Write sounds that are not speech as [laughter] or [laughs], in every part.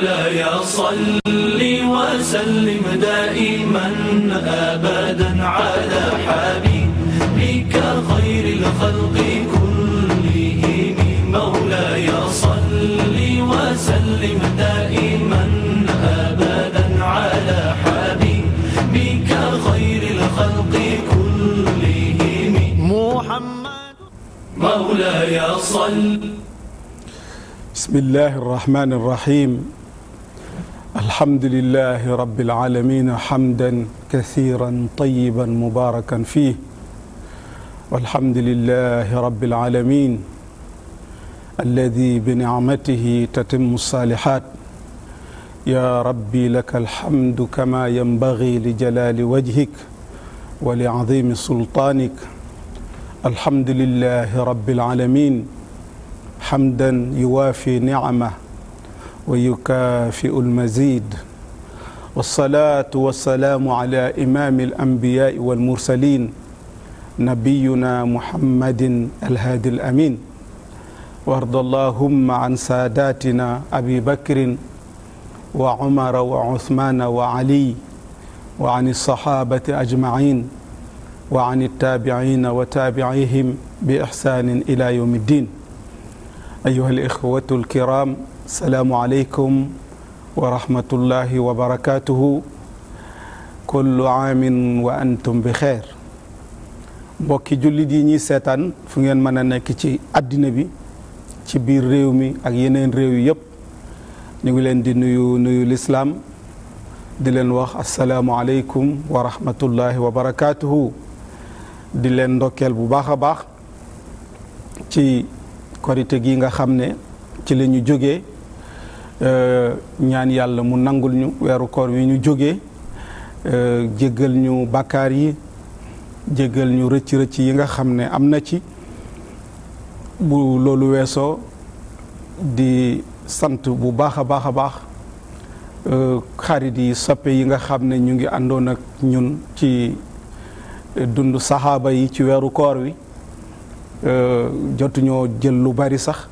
مولاي صل وسلم دائما أبدا على حبيبك خير الخلق كلهم مولاي صل وسلم دائما أبدا على حبيبك خير الخلق كلهم محمد مولاي صل بسم الله الرحمن الرحيم الحمد لله رب العالمين حمدا كثيرا طيبا مباركا فيه والحمد لله رب العالمين الذي بنعمته تتم الصالحات يا ربي لك الحمد كما ينبغي لجلال وجهك ولعظيم سلطانك الحمد لله رب العالمين حمدا يوافي نعمه ويكافئ المزيد والصلاة والسلام على إمام الأنبياء والمرسلين نبينا محمد الهادي الأمين وارض اللهم عن ساداتنا أبي بكر وعمر وعثمان وعلي وعن الصحابة أجمعين وعن التابعين وتابعيهم بإحسان إلى يوم الدين أيها الإخوة الكرام asalaamualeykum wa rahmatullahi wa barakaatuhu kullu wa antum bi xeer mbokki jullit yi ñuy seetaan fu ngeen mën a nekk ci àddina bi ci biir réew mi ak yeneen réew yi yëpp ñu ngi leen di nuyu nuyu lislaam di leen wax asalaamualeykum wa rahmatullahi wa di leen ndokkeel bu baax a baax ci korite gi nga xam ne ci la ñu jógee Euh, ñaan yàlla mu nangul ñu weeru koor wi ñu jóge euh, jéggal ñu bakkaar yi jéggal ñu rëcc rëcc yi nga xam ne am na ci bu loolu weesoo di sant bu baax a baax a baax euh, xarit yi soppe yi nga xam ne ñu ngi àndoon ak ñun ci dund saxaaba yi ci weeru koor wi jotuñoo jël lu bari sax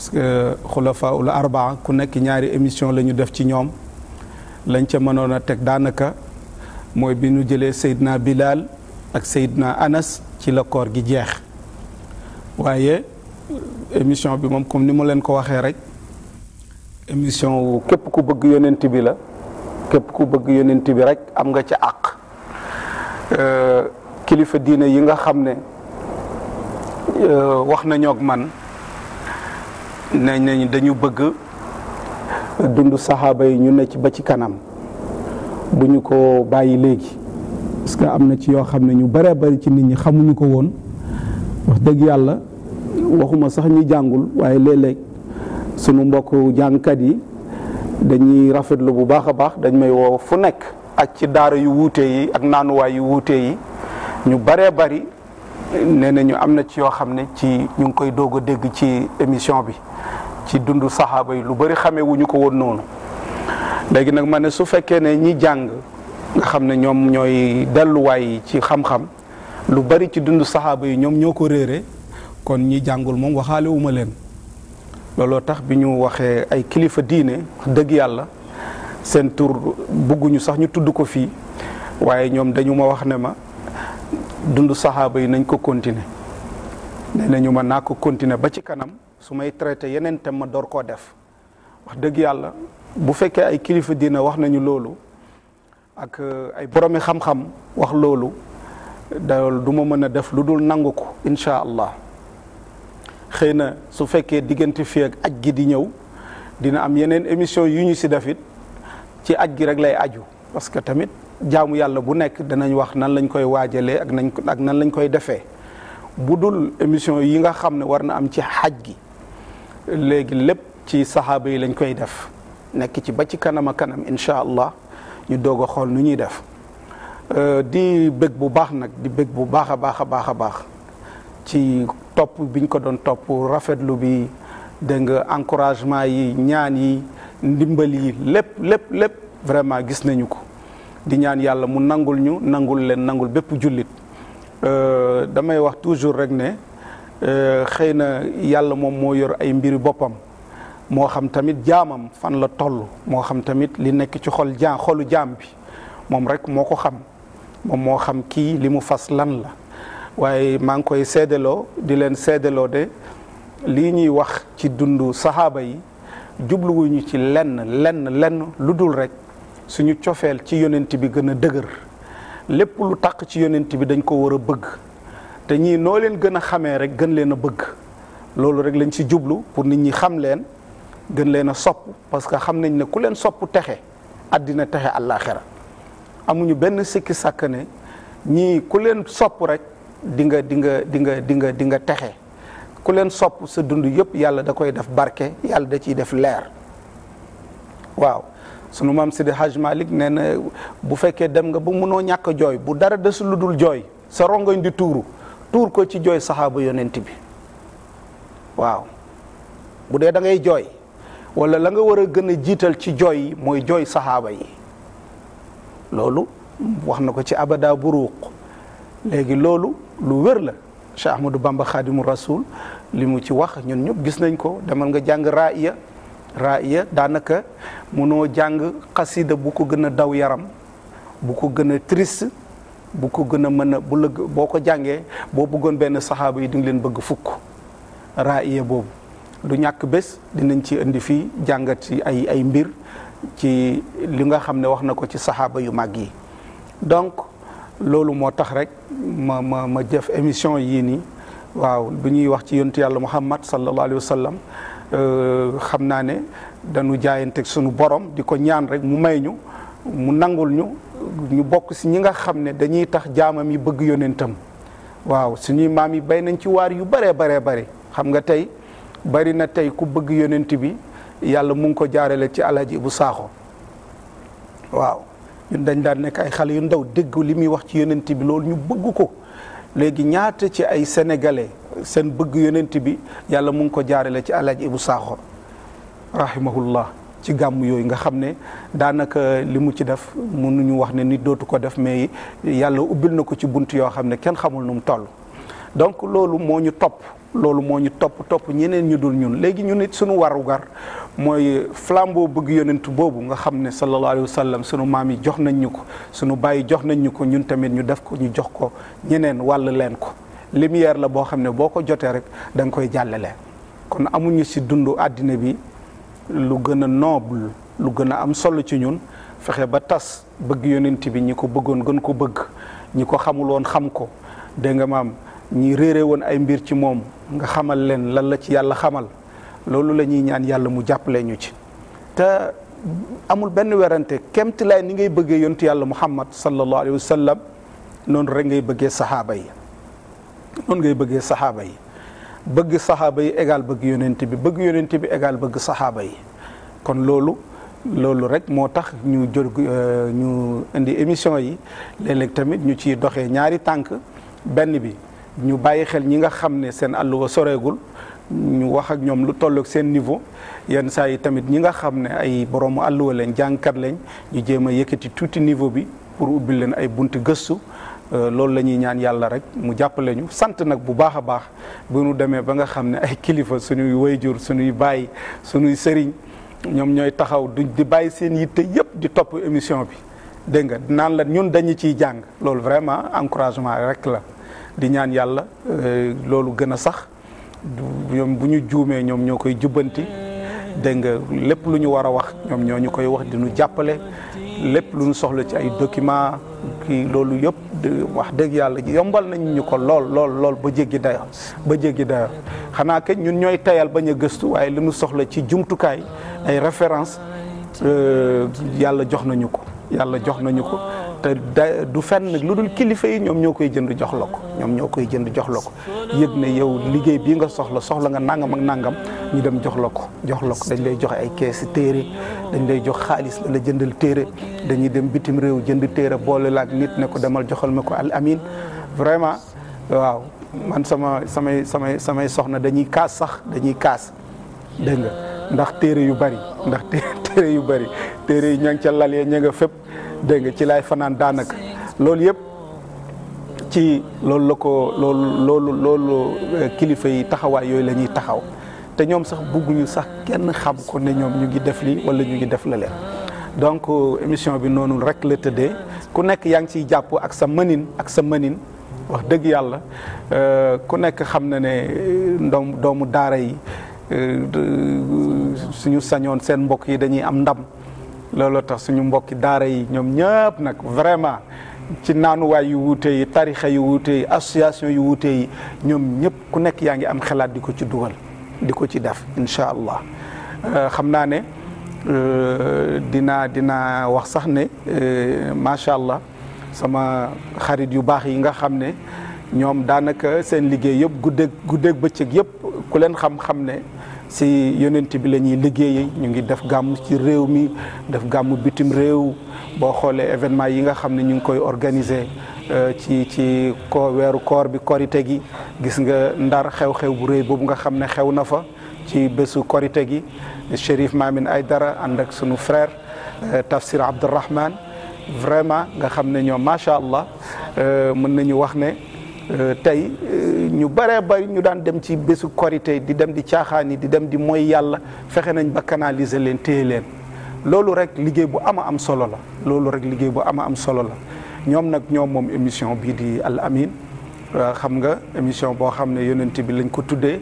parce que xulafa ul arbaa ku nekk ñaari émission la ñu def ci ñoom lañ ca mënoon a teg daanaka mooy bi nu jëlee Seydina Bilal ak Seydina Anas ci la koor gi jeex waaye émission bi moom comme ni mu leen ko waxee rek émission wu képp ku bëgg yonent bi la képp ku bëgg yonent bi rek am nga ci àq euh, kilifa diine yi nga xam ne euh, wax nañook man ne nañ nañ dañu bëgg dund saxaaba yi ñu ne ci ba ci kanam bu ñu ko bàyyi léegi parce que am na ci yoo xam ne ñu bare bari ci nit ñi xamuñu ko woon wax dëgg yàlla waxuma sax ñi jàngul waaye léeg-léeg sunu mbokk jàngkat yi dañuy rafetlu bu baax a baax dañ may woo fu nekk ak ci daara yu wuute yi ak naanuwaay yu wuute yi ñu bare bari nee nañu am na ci yoo xam ne ci ñu ngi koy doog a dégg ci émission bi ci dundu saxaaba yi lu bëri xamee wu ñu ko woon noonu léegi nag mane su fekkee ne ñi jàng nga xam ne ñoom ñooy delluwaay yi ci xam-xam lu bëri ci dundu saxaaba yi ñoom ñoo ko réere kon ñi jàngul moom waxaale wu leen looloo tax bi ñu waxee ay kilifa diine dëgg yàlla seen tour bugguñu sax ñu tudd ko fii waaye ñoom dañu ma wax ne ma dund saxaaba yi nañ ko continuer nee nañu ma naa ko continuer ba ci kanam su may traité yeneen tam ma door koo def wax dëgg yàlla bu fekkee ay kilifa dina wax nañu loolu ak euh, ay boromi xam-xam wax loolu dayol du ma mën a def lu dul nangu ko incha allah xëy na su fekkee diggante fii ak aj gi di ñëw dina am yeneen émission yu ñu si def it ci aj gi rek lay aju parce que tamit jaamu yàlla bu nekk danañ wax nan lañ koy waajalee ak nañ ak nan lañ koy defee bu dul émission yi nga xam ne war na am ci xaj gi léegi lépp ci saxaaba yi lañ koy def nekk ci ba ci kanam kanam incha allah ñu doog a xool nu ñuy def euh, di bëgg bu baax nag di bëgg bu baax a baax a baax a baax ci topp biñ ko doon topp rafetlu bi dégg nga encouragement yi ñaan yi ndimbal yi lépp lépp lépp vraiment gis nañu ko di ñaan yàlla mu nangul ñu nangul leen nangul bépp jullit euh, damay wax toujours rek ne euh, xëy na yàlla moom moo yor ay mbiri boppam moo xam tamit jaamam fan la toll moo xam tamit li nekk ci xol jaam bi moom rek moo ko xam moom moo xam kii li mu fas lan la waaye maa ngi koy seddaloo di leen seddaloo de lii ñuy wax ci dund saxaaba yi jubluwuñu ci lenn lenn lenn lu dul rek suñu cofeel ci yonent bi gën a dëgër lépp lu taq ci yonent bi dañ ko war a bëgg te ñii noo leen gën a xamee rek gën leen a bëgg loolu rek lañ si jublu pour nit ñi xam leen gën leen a sopp parce que xam nañ ne ku leen sopp texe àddina texe àllaaxira amuñu benn sikki sàkk ne ñii ku leen sopp rek di nga dinga dinga dinga nga di nga di nga texe ku leen sopp sa dund yëpp yàlla da koy def barke yàlla da ciy def leer waaw sunu mam si Haj Malick nee na bu fekkee dem nga ba munoo ñàkk a jooy bu dara desul lu dul jooy sa rongoñ di tuuru tuur ko ci jooy saxaaba yonent bi waaw bu dee da ngay jooy wala la nga war a gën a jiital ci jooy yi mooy jooy saxaaba yi loolu wax na ko ci abada buruuq léegi loolu lu wér la Cheikh Ahmadou Bamba Khadimu rasuul limu ci wax ñun ñëpp gis nañ ko demal nga jàng raaya raaya daanaka mënoo jàng xasida bu ko gën a daw yaram bu ko gën a triste bu ko gën a mën a bu lëgg boo ko jàngee boo bëggoon benn saxaaba yi di nga leen bëgg fukk raaya boobu du ñàkk bés dinañ ci indi fii jàngat ci ay ay mbir ci li nga xam ne wax na ko ci saxaaba yu mag yi donc loolu moo tax rek ma ma ma jëf émission yii nii waaw bi ñuy wax ci yontu yàlla muhammad sallallahu alayhi wa sallam Euh, xam naa ne dañu jaayante suñu borom di ko ñaan rek mu may ñu mu nangul ñu ñu bokk si ñi nga xam ne dañuy tax jaamam yi bëgg yonentam waaw suñuy maam yi bay nañ ci waar yu bëree baree bëri xam nga tey bari na tey ku bëgg yonent bi yàlla mu ngi ko jaarale ci alaji bu saaxo waaw ñun dañ daan nekk ay xale yu ndaw dégg li muy wax ci yonent bi loolu ñu bëggu ko léegi ñaata ci ay sénégalais seen bëgg yonent bi yàlla mu ngi ko jaarale ci alaaj bu Saaxo rahimahullah ci gàmm yooyu nga xam ne daanaka li mu ci def mënuñu wax ne nit dootu ko def mais yàlla ubbil na ko ci bunt yoo xam ne kenn xamul nu mu toll donc loolu moo ñu topp loolu moo ñu topp topp ñeneen ñu dul ñun léegi ñu nit suñu warugar mooy flambeau bëgg yonent boobu nga xam ne sallallahu alayhi wa sallam sunu maam yi jox nañ ñu ko sunu bàyyi jox nañ ñu ko ñun tamit ñu def ko ñu jox ko ñeneen wàll leen ko lumière la boo xam ne boo ko jotee rek da nga koy jàllale kon amuñu si dundu àddina bi lu gën a noble lu gën a am solo ci ñun fexe ba tas bëgg yonent bi ñi ko bëggoon gën ko bëgg ñi ko xamuloon woon xam ko dégg nga maam ñi réere woon ay mbir ci moom nga xamal leen lan la ci yàlla xamal loolu la ñuy ñaan yàlla mu jàppale ñu ci te amul benn werante kemt ni ngay bëggee yontu yàlla muhammad sallallahu alayhi wa sallam noonu rek ngay bëggee saxaaba yi noonu ngay bëggee saxaaba yi bëgg saxaaba yi égal bëgg yonent bi bëgg yonent bi égal bëgg saxaaba yi kon loolu loolu rek moo tax ñu jël euh, ñu indi émission yi léeg-léeg tamit ñu ci doxee ñaari tànk benn bi ñu bàyyi xel ñi nga xam ne seen àll wa soreegul ñu wax ak ñoom lu tollook seen niveau yenn saa yi tamit ñi nga xam ne ay boroomu wa leen jàngkat lañ ñu jéem a yëkkati tuuti niveau bi pour ubbi leen ay buntu gëstu euh, loolu la ñuy ñaan yàlla rek mu jàppale ñu sant nag bu baax a baax bu ñu demee ba nga xam ne ay kilifa suñuy wayjur suñuy bàyyi suñuy sëriñ ñoom ñooy taxaw du di bàyyi seen yitte yëpp di topp émission bi dégg nga naan la ñun dañu ciy jàng loolu vraiment encouragement rek la di ñaan yàlla euh, loolu gën a sax ñoom bu ñu juumee ñoom ñoo koy jubbanti dégg nga lépp lu ñu war a wax ñoom ñoo ñu koy wax dinu jàppale lépp lu ñu soxla ci ay document kii loolu yëpp wax dëgg yàlla yombal nañu ñu ko lool lool lool ba jéggi dayo ba jéggi dayo xanaa ka ñun ñooy tayal bañ a gëstu waaye lu ñu soxla ci jumtukaay ay référence euh, yàlla jox nañu ko yàlla jox nañu ko te da du fenn lu dul kilifa yi ñoom ñoo koy jënd jox la ñoom ñoo koy jënd jox la ko yëg ne yow liggéey bii nga soxla soxla nga nangam ak nangam ñu dem jox la ko jox la dañ lay joxe ay keesi téere dañ lay jox xaalis la jëndal téere dañuy dem bitim réew jënd téere boole la ak nit ne ko demal joxal ma ko al amin vraiment waaw man sama samay samay samay soxna dañuy kaas sax dañuy kaas dégg nga ndax téere yu bari ndax [laughs] téere yu bari téere yi ña ngi ca lal ya ña nga fépp dégg nga ci laay fanaan daanaka loolu yëpp ci loolu la ko loolu loolu euh, kilifa yi taxawaay yooyu la ñuy taxaw te ñoom sax bugguñu sax kenn xam ko ne ñoom ñu ngi def lii wala ñu ngi def la leen donc euh, émission bi noonu rek la tëddee ku nekk yaa ngi ciy jàpp ak sa manin ak sa manin wax dëgg yàlla euh, ku nekk xam na ne ndoom doomu daara yi Eh, suñu sañoon seen mbokk yi dañuy am ndam looloo tax suñu mbokki daara yi ñoom ñëpp nag vraiment ci naanuwaay yu wuute yi tarixa yu wuute yi association yu wuute yi ñoom ñëpp ku nekk yaa ngi am xalaat di ko ci dugal di ko ci def incha allah eh, xam naa ne eh, dinaa dina wax sax ne macha allah sama xarit yu baax yi nga xam ne ñoom daanaka seen liggéey yëpp guddeeg guddeeg bëccëg yëpp ku leen xam-xam ne si yonent bi la ñuy liggéeyee ñu ngi def gàmm ci réew mi def gàmm bitim réew boo xoolee événement yi nga xam ne ñu ngi koy organiser euh, ci ci ko weeru koor bi korite gi gis nga ndar xew-xew bu réy boobu nga xam ne xew na fa ci bésu korite gi Chérif ay dara ànd ak sunu frère euh, Tafsir Abdourahman vraiment nga xam ne ñoom macha allah euh, mën nañu wax ne Euh, tey euh, ñu baree bari ñu daan dem ci bésu korité di dem di caaxaan yi di dem di mooy yàlla fexe nañ ba canaliser leen téye leen loolu rek liggéey bu ama am solo la loolu rek liggéey bu ama am solo la ñoom nag ñoom moom émission bii di Al Amine euh, xam nga émission boo xam ne yonent bi lañ ko tuddee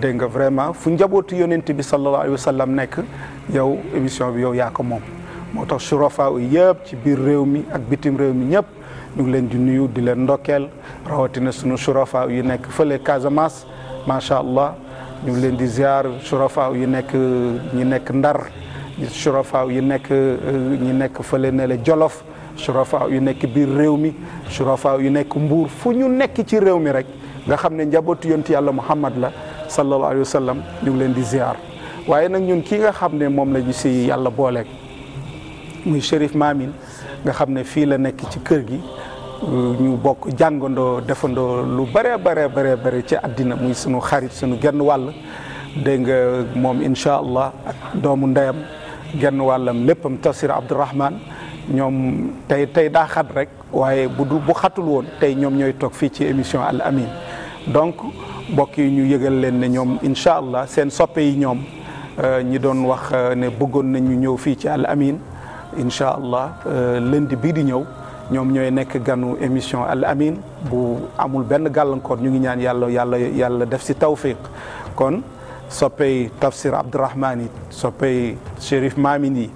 dégg nga vraiment fu njabootu yonent bi sallallahu alayhi wa sallam nekk yow émission bi yow yaa ko moom moo tax surafa yëpp ci biir réew mi ak bitim réew mi ñëpp ñu ngi leen di nuyu di leen ndokkeel rawatina sunu surafa yu nekk fële Casamance macha allah ñu ngi leen di ziar surafa yu nekk ñi nekk Ndar surafa yu nekk ñi nekk fële ne la Jolof surafa yu nekk biir réew mi surafa yu nekk Mbuur fu ñu nekk ci réew mi rek nga xam ne njabootu yonti yàlla Muhammad la sallallahu alayhi wa ñu ngi leen di ziar waaye nag ñun kii nga xam ne moom la ñu si yàlla booleeg muy Chérif Mamine nga xam ne fii la nekk ci kër gi euh, ñu bokk jàngandoo defandoo lu bare bare bare bare ci àddina muy sunu xarit sunu genn wàll dégg nga moom incha allah ak doomu ndeyam genn wàllam léppam tafsir abdourahman ñoom tey tey daa xat rek waaye bu bu xatul woon tey ñoom ñooy toog fii ci émission al amin donc mbokk yi ñu yëgal leen ne ñoom incha allah seen soppe yi ñoom euh, ñi doon wax euh, ne bëggoon ñu ñëw fii ci al amin incha allah euh, lundi bii di ñëw ñoom ñooy nekk ganu émission Al amin bu amul benn gàllankoor ñu ngi ñaan yàlla yàlla yàlla def si tawfiq kon soppey tafsir Abdourahmane yi soppey Chérif Mamin yi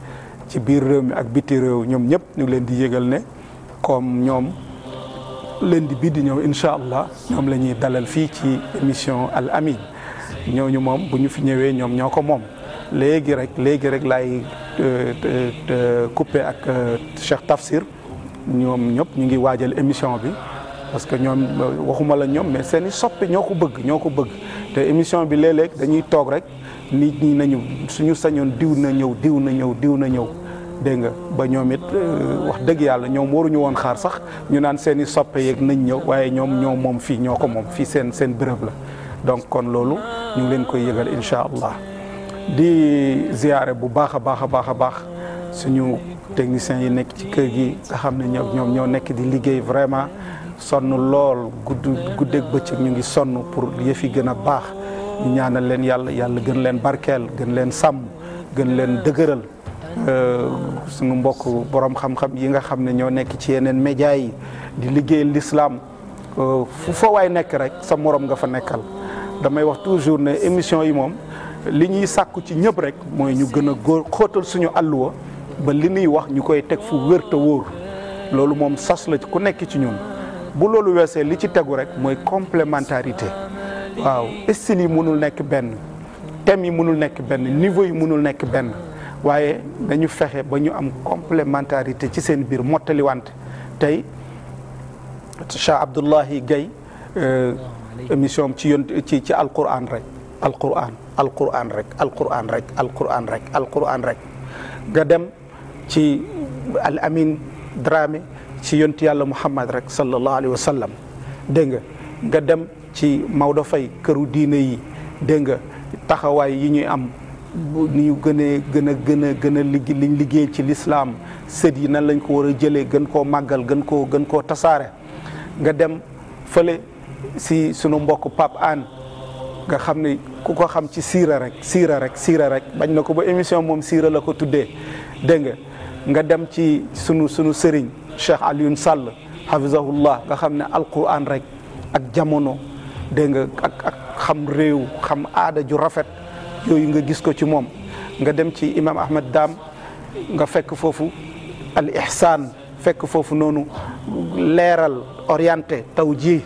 ci biir réew mi ak biti réew ñoom ñëpp ñu ngi leen di yëgal ne kom ñoom leen di bii di ñëw incha allah ñoom la ñuy dalal fii ci émission Al Amine ñooñu moom bu ñu fi ñëwee ñoom ñoo ko moom léegi rek léegi rek Coupé ak euh, Cheikh Tafsir ñoom ñëpp ñu ngi waajal émission bi parce que ñoom euh, waxuma la ñoom mais seen i soppi ñoo ko bëgg ñoo ko bëgg te émission bi léeg-léeg dañuy toog rek nit ñi nañu suñu sañoon diw na ñëw diw na ñëw diw na ñëw dégg nga ba ñoom it euh, wax dëgg yàlla ñoom waruñu woon xaar sax ñu naan seeni i soppe yeeg nañ ñëw waaye ñoom ñoo moom fii ñoo ko moom fii seen seen béréb la donc kon loolu ñu ngi leen koy yëgal incha allah di ziare bu baax a baax a baax a baax suñu techniciens yi nekk ci kër gi nga xam ne ñoom ñoo nekk di liggéey vraiment sonn lool gudd guddeeg bëccëg ñu ngi sonn pour yëf gën a baax ñu ñaanal leen yàlla yàlla gën leen barkeel gën leen sàmm gën leen dëgëral euh, suñu mbokk borom xam-xam yi nga xam ne ñoo nekk ci yeneen média yi di liggéey lislaam euh, fu fa waay nekk rek sa moroom nga fa nekkal damay wax toujours ne émission yi moom li ñuy sàkku ci ñëpp rek mooy ñu gën a góor xóotal suñu àlluwa ba li ñuy wax ñu koy teg fu wér wóor loolu moom sas la ku nekk ci ñun bu loolu weesee li ci tegu rek mooy complémentarité waaw style yi mënul nekk benn thème yi mënul nekk benn niveau yi mënul nekk benn waaye dañu fexe ba ñu am complémentarité ci seen biir mottaliwante tey Cheikh Abdoulahi Gaye euh, émission ci yoon ci ci alquran rek alquran alquran rek alquran rek alquran rek alquran rek nga dem ci al amin Dramé ci yontu yàlla Muhammad rek sallallahu alayhi wa sallam dégg nga nga dem ci Maodo fay këru diine yi dégg nga taxawaay yi ñuy am ni ñu gënee gën a gën a gën a liggéey liñ liggéey ci lislaam sët yi nan lañ ko war a jëlee gën koo màggal gën koo gën koo tasaare nga dem fële si sunu mbokk Pape An nga xam ni ku ko xam ci siira rek siira rek siira rek bañ na ko ba émission moom siira la ko tudde dégg nga nga dem ci sunu sunu sëriñ Cheikh Alioune Sall hafizahullah nga xam ne alquran rek ak jamono dégg nga ak xam réew xam aada ju rafet yooyu nga gis ko ci moom nga dem ci imam Ahmed Dam nga fekk foofu al ihsan fekk foofu noonu leeral orienté taw ji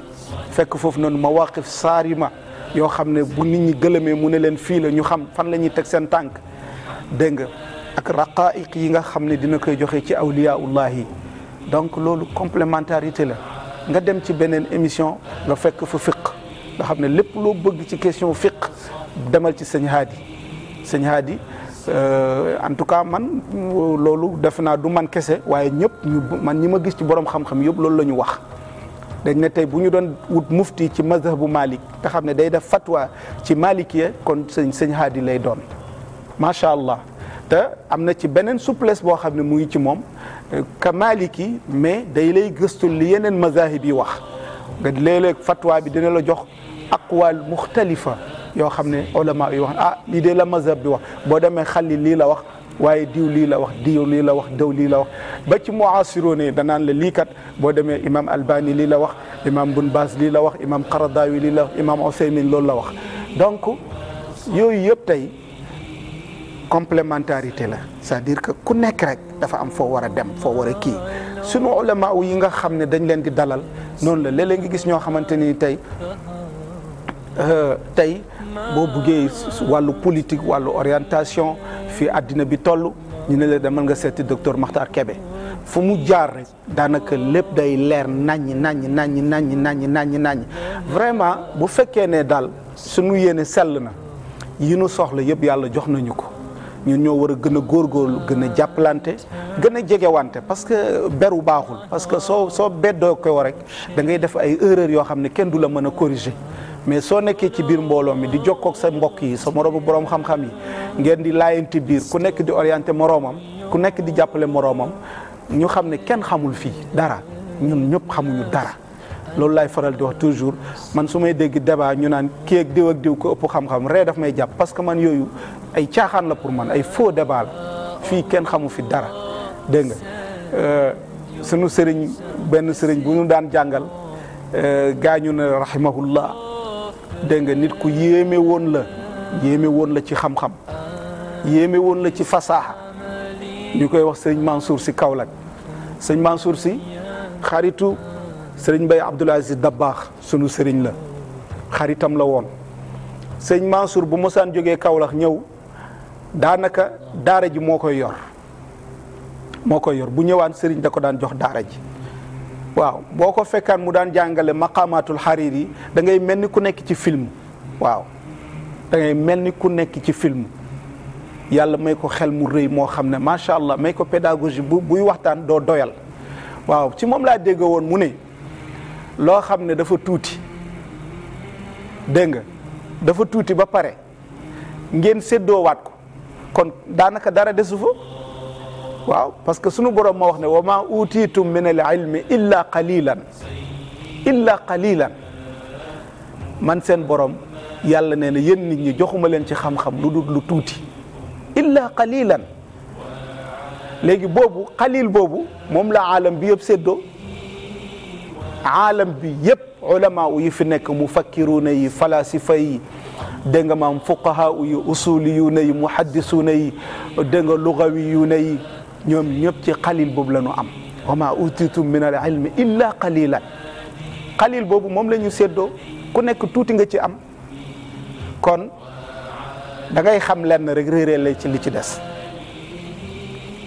fekk foofu noonu mawaqif saarima yoo xam ne bu nit ñi gëlëmee mu ne leen fii la ñu xam fan la ñuy teg seen tànk dégg nga ak raqaaiq yi nga xam ne dina koy joxe ci awliyaullah yi donc loolu complémentarité la nga dem ci beneen émission nga fekk fu fiq nga xam ne lépp loo bëgg ci question fiq demal ci sëñ Haadi sëñ Haadi euh, en tout cas man loolu def naa du man kese waaye ñëpp ñu man ñi ma gis ci borom xam-xam yëpp loolu la ñu wax dañ ne tey bu ñu doon wut mufti ci mazhab bu Malik nga xam ne day def fatwa ci Malikiya kon sëñ sëñ Haadi lay doon macha allah te am na ci beneen souplesse boo xam ne mu ngi ci moom euh, ka Maliki mais day lay gëstu li yeneen mazahib yi wax nga léeg fatwa bi dina la jox aqwaal muxtalifa yoo xam ne ulama yi wax ah lii de la mazhab bi wax boo demee xalli lii la wax waaye diw lii la wax diw lii la wax daw lii la wax ba ci muasiroon yi danaan la lii kat boo demee imam albani lii la wax imam bun baas lii la wax imam qaradawi lii la wax imam oseymin loolu la wax donc yooyu yëpp tey complementarité la c'est-à-dire que ku nekk rek dafa am foo war a dem foo war a kii sunu ulama yi nga xam ne dañ leen di dalal noonu la léeg-léeg nga gis ñoo xamante ni tey euh, tey boo buggee wàllu politique wàllu orientation fii àddina bi toll ñu ne la demal nga seeti docteur Makhtar kebe fu mu jaar rek daanaka lépp day leer naññ naññ naññ naññ naññ naññ naññ vraiment bu fekkee ne daal suñu yéene sell na yi soxla yëpp yàlla jox nañu ko ñun ñoo war a gën a góorgóorlu gën a jàppalante gën a jegewante parce que beru baaxul parce que soo soo beddoo ko rek da ngay def ay erreur yoo xam ne kenn du la mën a corriger mais soo nekkee ci biir mbooloo mi di jokkook sa mbokk yi sa moroomu boroom xam-xam yi ngeen di laayanti biir ku nekk di orienté moroomam ku nekk di jàppale moroomam ñu xam ne kenn xamul fii dara ñun ñëpp xamuñu dara loolu laay faral di wax toujours man su may dégg débat ñu naan kii ak diw ak diw ko ëpp xam-xam ree daf may jàpp parce que man ay caaxaan la pour man ay faux débat la fii kenn xamu fi dara dégg nga euh, sunu sëriñ benn sëriñ bu ñu daan jàngal euh, gaañu na rahimahullah dégg nga nit ku yéeme woon la yéeme woon la ci xam-xam yéeme woon la ci fasaaxa ñu koy wax sëriñ Mansour si Kaolack sëriñ Mansour si xaritu sëriñ Mbaye Abdoul Aziz Dabakh sunu sëriñ la xaritam la woon sëriñ Mansour bu mosaan jógee Kaolack ñëw daanaka daara ji moo koy yor moo koy yor bu ñëwaan sëriñ da ko daan jox daara ji waaw boo ko fekkaan mu daan jàngale maqaamaatul xariiri yi da ngay mel ni ku nekk ci film waaw da mel ni ku nekk ci film yàlla may ko xel mu rëy moo xam ne macha allah may ko pédagogie bu buy waxtaan doo doyal waaw ci moom laa dégg woon mu ne loo xam ne dafa tuuti dégg nga dafa tuuti ba pare ngeen séddoowaat ko kon daanaka dara desu fa waaw parce que sunu borom moo wax ne wa ma utiitum min al ilmi illa qalilan illa qalilan man seen borom yàlla nee na yéen nit ñi joxuma leen ci xam lu dul lu tuuti illa qalilan léegi boobu xalil boobu moom la aalam bi yëpp séddoo aalam bi yëpp ulama yi fi nekk mu fakkiruuna yi falasifa yi dégg nga maam fuqahaa yu usuli yu ne yi na yi dégg nga lugawi yu ne yi ñoom ñëpp ci xalil boobu la ñu am wa maa utitum min la ilmi illa qalilan xalil boobu moom la ñu séddoo ku nekk tuuti nga ci am kon dangay xam lenn rek réeree la ci li ci des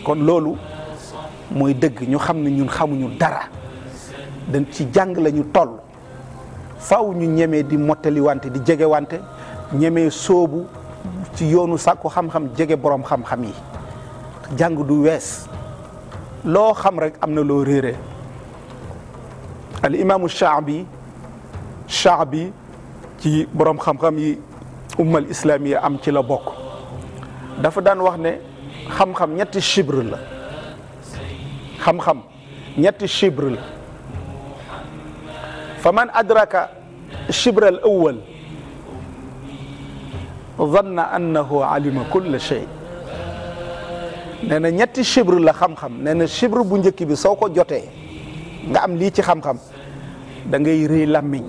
kon loolu mooy dëgg ñu xam ne ñun xamuñu dara dañ ci jàng la ñu toll faw ñu ñemee di mottali wante di jege wante ñeme soobu ci yoonu sàkku xam-xam jege borom xam-xam yi jàng du wees loo xam rek am na loo réere al imaamu Shaabi Shaabi ci borom xam-xam yi ummal islamiya am ci la bokk dafa daan wax ne xam-xam ñetti chibre la xam-xam ñetti chibre la fa man adraka chibre al awwal zanna annahu alima kulla shay nee na ñetti chibre la xam-xam nee na chibre bu njëkk bi soo ko jotee nga am lii ci xam-xam da ngay rëy làmmiñ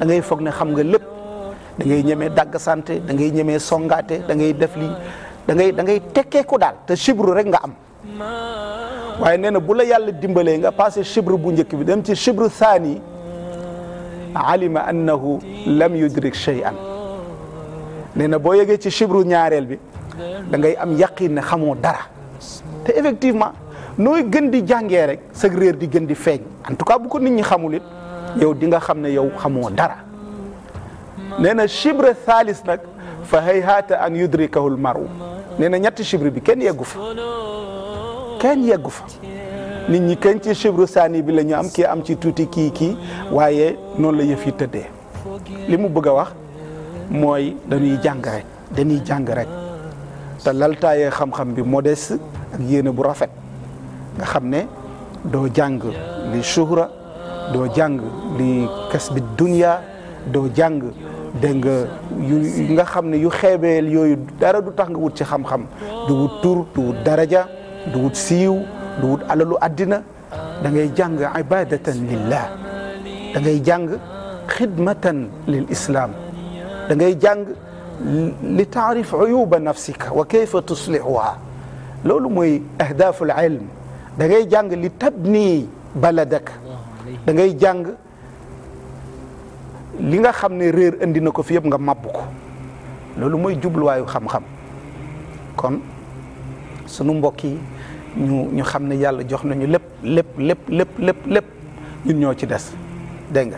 da ngay foog ne xam nga lépp da ngay ñemee dagg santé da ngay ñemee songaate da ngay def lii da ngay tekke ngay tekkeeku daal te chibre rek nga am waaye nee na bu la yàlla dimbalee nga passé chibre bu njëkk bi dem ci chibre saani alima annahu lam yudrik shay'an nee na boo yegee ci chibru ñaareel bi da ngay am yaqin ne xamoo dara te effectivement nooy gën di jàngee rek sa di gën di feeñ en tout cas bu ko nit ñi xamul it yow di nga xam ne yow xamoo dara nee na chibre thalis nag fa hayhata an yudrikahul maru nee na ñetti chibre bi kenn yeggu fa kenn yeggu fa nit ñi kenn ci chibru saani bi lañu am kii am ci tuuti kii kii waaye noonu la yëf yi tëddee li mu bëgg a wax mooy dañuy jàng rek dañuy jàng rek te laltaayee xam-xam bi modeste ak yéene bu rafet nga xam ne doo jàng li suhra doo jàng li kas bi doo jàng dégg nga yu nga xam ne yu xeebeel yooyu dara du tax nga wut ci xam-xam du wut tur du wut daraja du wut siiw du wut alalu àddina da ngay jàng ibadatan lillah da ngay jàng xidmatan lil islam dangay jàng li taarif uyuba nafsika wa kayfa tuslihuha loolu mooy ahdaaful ilm da jàng li tabni baladak da ngay jàng li nga xam ne réer indi na ko fi yëpp nga màbb ko loolu mooy jubluwaayu xam-xam kon sunu mbokk yi ñu xam ne yàlla jox nañu lépp lépp lépp lépp ñun ñoo ci des dégg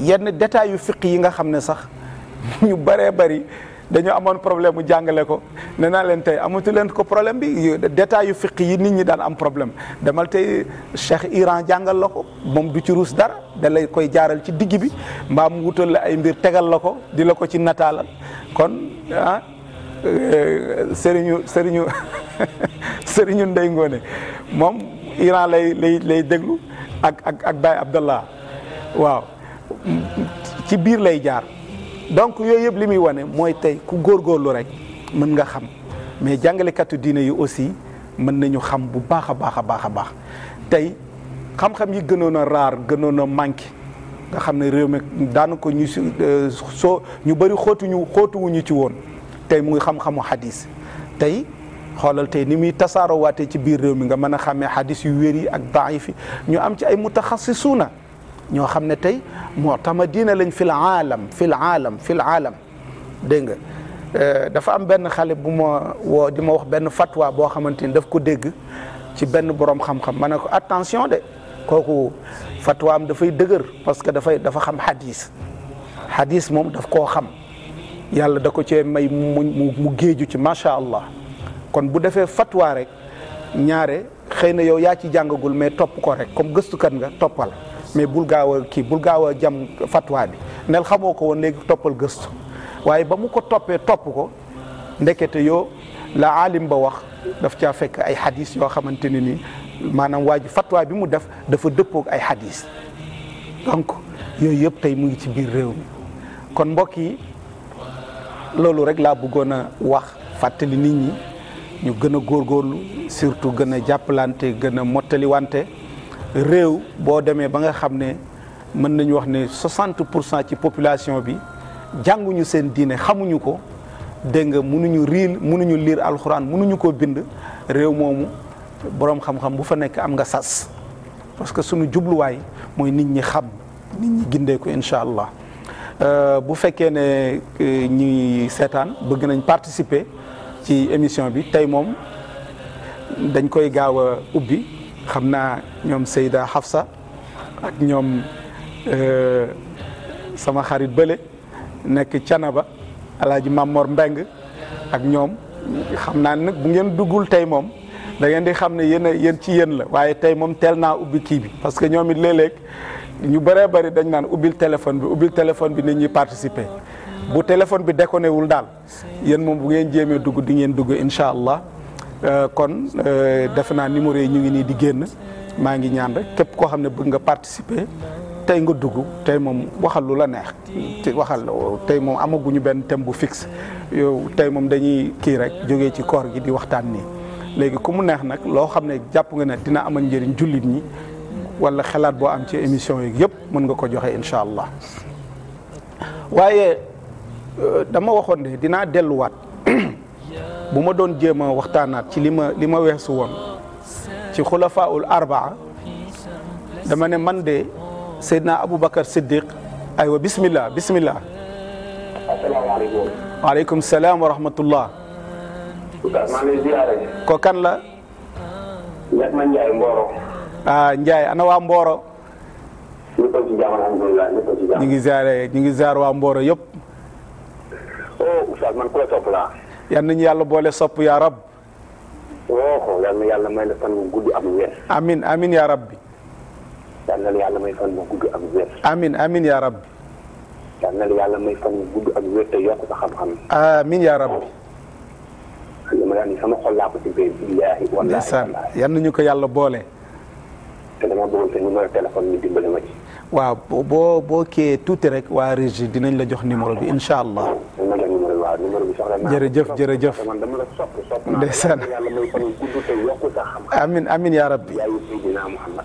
yenn détails yu fiq yi nga xam ne sax ñu bëree bari dañoo amoon problème mu jàngale ko nee naa leen tey amatu leen ko problème bi détails yu fiq yi nit ñi daan am problème demal tey Cheikh Iran jàngal la ko moom du ci ruus dara da lay koy jaaral ci digg bi mbaa mu wutal la ay mbir tegal la ko di la ko ci nataalal kon ah euh, sëriñu sëriñu [laughs] sëriñu Ndey Ngoone moom Iran lay lay lay déglu ak ak Abdallah waaw ci biir lay jaar donc yooyu yëpp li muy wane mooy tey ku góor góorlu rek mën nga xam mais jàngalekatu diina yi aussi mën nañu xam bu baax a baax a baax a baax tey xam-xam yi gënoon a raar gënoon a manqué nga xam ne réew mi daana ko ñu si euh, soo ñu bëri xóotuñu xóotuwuñu ci woon tey muy xam-xamu xadis tey xoolal tey ni muy tasaaroo waatee ci biir réew mi nga mën a xàmmee xadis yu wér yi ak daif yi ñu am ci ay na ñoo xam ne tey mu'tamadina lañ fil aalam fil aalam fil aalam dégg nga euh, dafa am benn xale bu ma woo di ma wax benn fatwa boo xamante ni daf ko dégg ci benn borom xam-xam ma ne ko attention de kooku fatwaam dafay dëgër parce que dafay dafa xam hadis hadis moom daf koo xam yàlla da ko cee may mu géeju ci macha allah kon bu defee fatwa rek ñaare xëy na yow yaa ci jàngagul mais topp ko rek comme gëstu gëstukat nga toppal. mais bul gaaw kii bul gaaw a jam fatwa bi nel xamoo ko woon léegi toppal gëstu waaye ba mu ko toppee topp ko ndekete yoo la aalim ba wax daf caa fekk ay xadis yoo xamante ne ni maanaam waa ji fatwa bi mu def dafa dëppoog ay xadis donc yooyu yëpp tey mu ngi ci biir réew mi kon mbokk yi loolu rek laa bëggoon a wax fàttali nit ñi ñu gën a góorlu surtout gën a jàppalante gën a mottaliwante réew boo demee ba nga xam ne mën nañu wax ne 60 pour cent ci population bi jànguñu seen diine xamuñu ko dégg nga mënuñu riil mënuñu liir alxuraan mënuñu ko bind réew moomu boroom xam-xam bu fa nekk am nga sas parce que suñu jubluwaay mooy nit ñi xam nit ñi gindee ko incha allah euh, bu fekkee ne euh, ñi seetaan bëgg nañ participer ci émission bi tey moom dañ koy gaaw a ubbi xam naa ñoom Seyda Hafsa ak ñoom euh, sama xarit bële nekk Canaba alaaji Mamor Mbeng ak ñoom xam naa nag bu ngeen duggul tey moom da ngeen di xam ne yéen a yéen ci yéen la waaye tey moom teel naa ubbi kii bi parce que ñoom it léeg ñu bëree bari dañ naan ubbil téléphone bi ubbil téléphone bi nit ñi participer bu téléphone bi déconné daal yéen moom bu ngeen jéemee dugg di ngeen dugg incha allah Euh, kon euh, defe naa numéro yi ñu ngi nii di génn maa ngi ñaan rek képp koo xam ne bëgg nga participer tey nga dugg tey moom waxal lu la neex ci waxal tey moom amaguñu benn thème bu fixe yow tey moom dañuy kii rek jógee ci koor gi di waxtaan nii léegi ku mu neex nag loo xam ne jàpp nga ne dina amal njëriñ jullit ñi wala xalaat boo am ci émission yi yëpp mën nga ko joxe incha allah waaye euh, dama waxoon ne dinaa delluwaat bu ma doon jéem waxtaanaat ci li ma li weesu woon ci xulafaaul arbaa dama ne man de Seydina Aboubacar Siddiq aywa bismillah bismillah. asalaamaaleykum. waaleykum salaam wa rahmatullah. ko kan la. ñett Mboro. ah Ndiaye ana waa Mboro. ñu ko ngi ziare ñu ngi waa Mboro yëpp. Oh, yan nañu yàlla boole sopp yaa rab. woo yàlla may la fan bu gudd ak wér. amin amin yaa rabbi. yàlla may fan bu gudd ak wér. amin amin yaa rabbi. yal na yàlla may fan bu gudd ak wér te yokk sa xam-xam. amin yaa rabbi. yan nañu ko yàlla boole. te dama bëggoon sa numéro téléphone ñu dimbali ma ci. waaw boo boo tuuti rek waa dinañ la jox numéro bi incha waaw numéro bi soxla jërëjëf jërëjëf man dama yàlla may fan gudd te amin amin yaa rabbi yaayu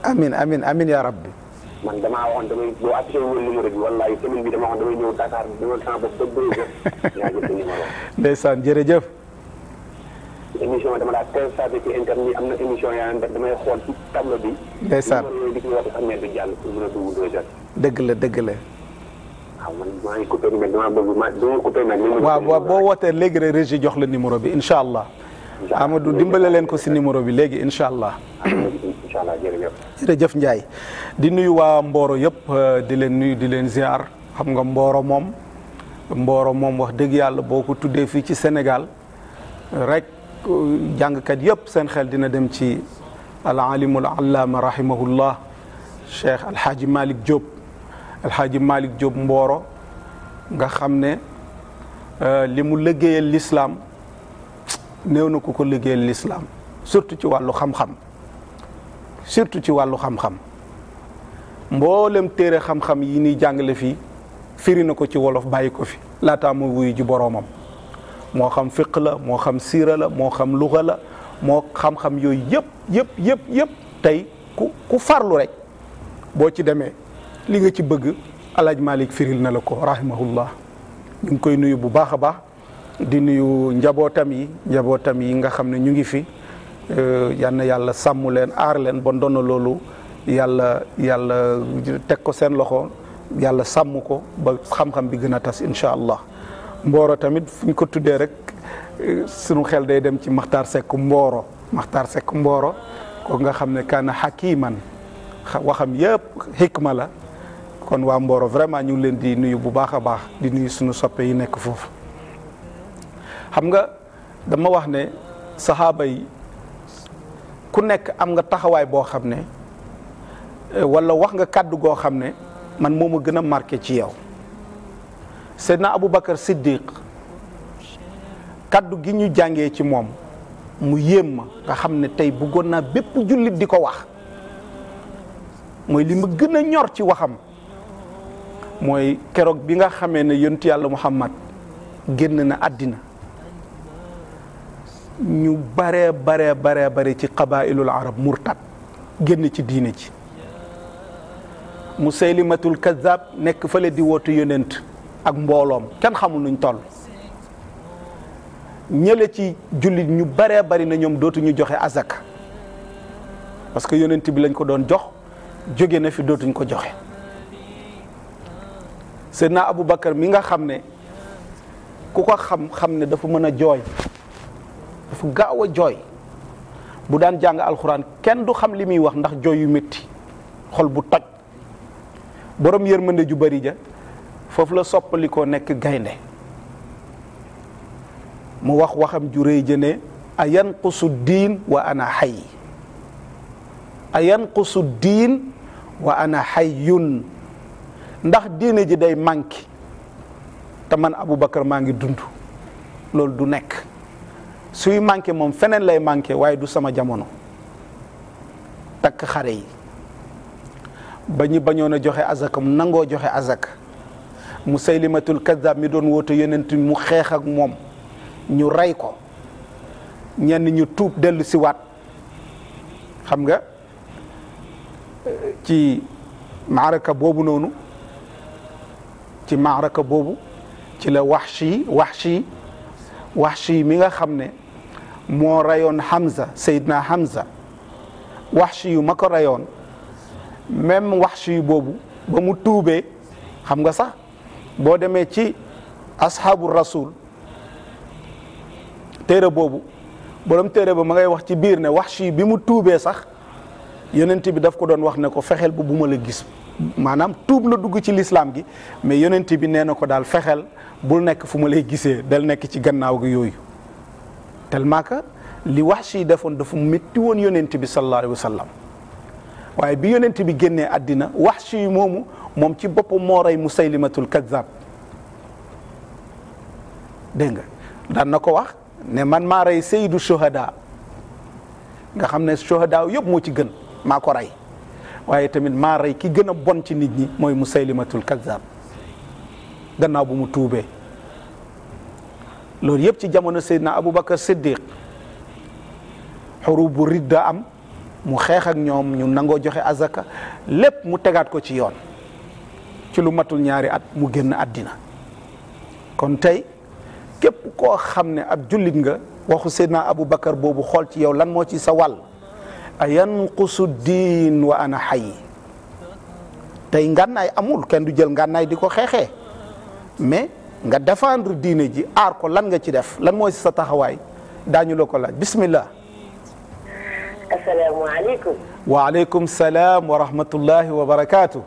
amin amin yaa rabbi bi dama waxoon damay ñëw Dakar ñëwal sama bopp ba bëri ko ñaa jël sa numéro ndeysaan jërëjëf émission dama am na émission yaa ngi def damay xool ci tableau bi ndeysaan a dugg dëgg la dëgg la waaw man waaw boo wootee léegi rek régie jox la numéro bi incha allah. Amadou dimbale leen ko si numéro bi léegi incha allah. incha allah di nuyu waa Mboro yëpp euh, di leen nuyu di leen ziar xam nga Mboro moom. Mboro moom wax dëgg yàlla boo ko tuddee fii ci senegal rek euh, jàngkat yëpp seen xel dina dem ci al alimul allaama rahimahullah Cheikh Alhaji Malick Diop. alxaaji Malick jóob Mboro nga xam ne euh, li mu liggéeyal lislaam néew na ku ko liggéeyal lislaam surtout ci wàllu xam-xam surtout ci wàllu xam-xam mboolem téere xam-xam yi ñuy jàngale fii firi na ko ci wolof bàyyi ko fi laataa moo wuyu ji boroomam moo xam fiq la moo xam siira la moo xam luxa la moo xam-xam yooyu yëpp yëpp yëpp yëpp tey ku ku farlu rek boo ci demee li nga ci bëgg alaaj Malick firil na la ko rahimahullah ñu koy nuyu bu baax a baax di nuyu njabootam yi njabootam yi nga xam ne ñu ngi fi euh, yal na yàlla sàmm leen aar leen bon ndono loolu yàlla yàlla teg ko seen loxo yàlla sàmm ko ba xam-xam bi gën a tas incha allah mbooro tamit fu ñu ko tuddee rek euh, sunu xel day dem ci Maxtaar Sekk Mbooro Maxtaar Sekk Mbooro kooku nga xam ne kaana xakiman waxam yëpp xikma la kon waa Mboro vraiment ñu ngi leen di nuyu bu baax a baax di nuyu suñu soppee yu nekk foofu xam nga dama wax ne saxaaba yi ku nekk am nga taxawaay boo xam ne eh, wala wax nga kàddu goo xam ne man moo ma gën a marqué ci yow Seydina Aboubacar Siddiq kàddu gi ñu jàngee ci moom mu yéem ma nga xam ne tey buggoon naa bépp jullit di ko wax mooy li ma gën a ñor ci waxam mooy keroog bi nga xamee ne yontu yàlla Muhammad génn na àddina ñu baree baree baree bare ci qabailul arab murtad génn ci diine ji musaylimatul kazzab nekk fële di woote yonent ak mbooloom kenn xamul nuñ toll ñële ci jullit ñu baree bari na ñoom dootuñu joxe azaka parce que yonent bi lañ ko doon jox jóge na fi dootuñ ko joxe naa abu Aboubacar mi nga xam ne ku ko xam xam ne dafa mën a jooy dafa gaaw a jooy bu daan jàng alxuraan kenn du xam li muy wax ndax jooy yu metti xol bu toj borom yërmande ju bari ja foofu la soppalikoo nekk gaynde mu wax waxam ju réy ja ne a yanqusu diin wa ana xay a yanqusu diin wa ana xayyun ndax diine ji day manqué te abu Aboubacar maa ngi dund loolu du nekk suy manqué moom feneen lay manqué waaye du sama jamono takk xare yi ba ñu bañoon a joxe azaka mu nangoo joxe azaka Musaylimatul Kazzab mi doon woote yonent mu xeex ak moom ñu rey ko ñenn ñu tuub dellu si waat xam nga ci maaraka boobu noonu ci maaraka boobu ci la Wahshi Wahshi Wahshi mi nga xam ne moo rayoon Hamza Seydina Hamza Wahshi yu ma ko rayoon même Wahshi yu boobu ba mu tuubee xam nga sax boo demee ci ashabu rasul téere boobu borom téere ba ma ngay wax ci biir ne Wahshi bi mu tuubee sax yonent bi daf ko doon wax ne ko fexeel bu bu ma la gis maanaam tuub la dugg ci lislaam gi mais yonent bi nee na ko daal fexeel bul nekk fu ma lay gisee dal nekk ci gannaaw gi yooyu tellement que li Wahshi yi defoon dafa métti woon yonent bi sallallahu alayhi wa sallam waaye bi yonent bi génnee àddina Wahshi yi moomu moom ci bopp moo rey Musaylimatul Kazzab dégg nga daan na ko wax ne man maa rey Seydou Shuhada nga xam ne Shuhada yëpp moo ci gën maa ko rey waaye tamit maa rey ki gën a bon ci nit ñi mooy mu musaylimatul kazzab gannaaw bu mu tuubee loolu yëpp ci jamono Seydina Aboubacar Siddiq xurub bu ridda am mu xeex ak ñoom ñu nangoo joxe azaka lépp mu tegaat ko ci yoon ci lu matul ñaari at mu génn àddina kon tey képp koo xam ne ab jullit nga waxu abu Aboubacar boobu xool ci yow lan moo ci sa wàll a yanqusu diin wa ana xay tey ngànnaay amul kenn du jël ngànnaay di ko xeexee mais nga défendre diine ji aar ko lan nga ci def lan mooy sa taxawaay daañu la ko laaj bismillah asalaamaaleykum waaleykum salaam wa rahmatullahi wa barakaatu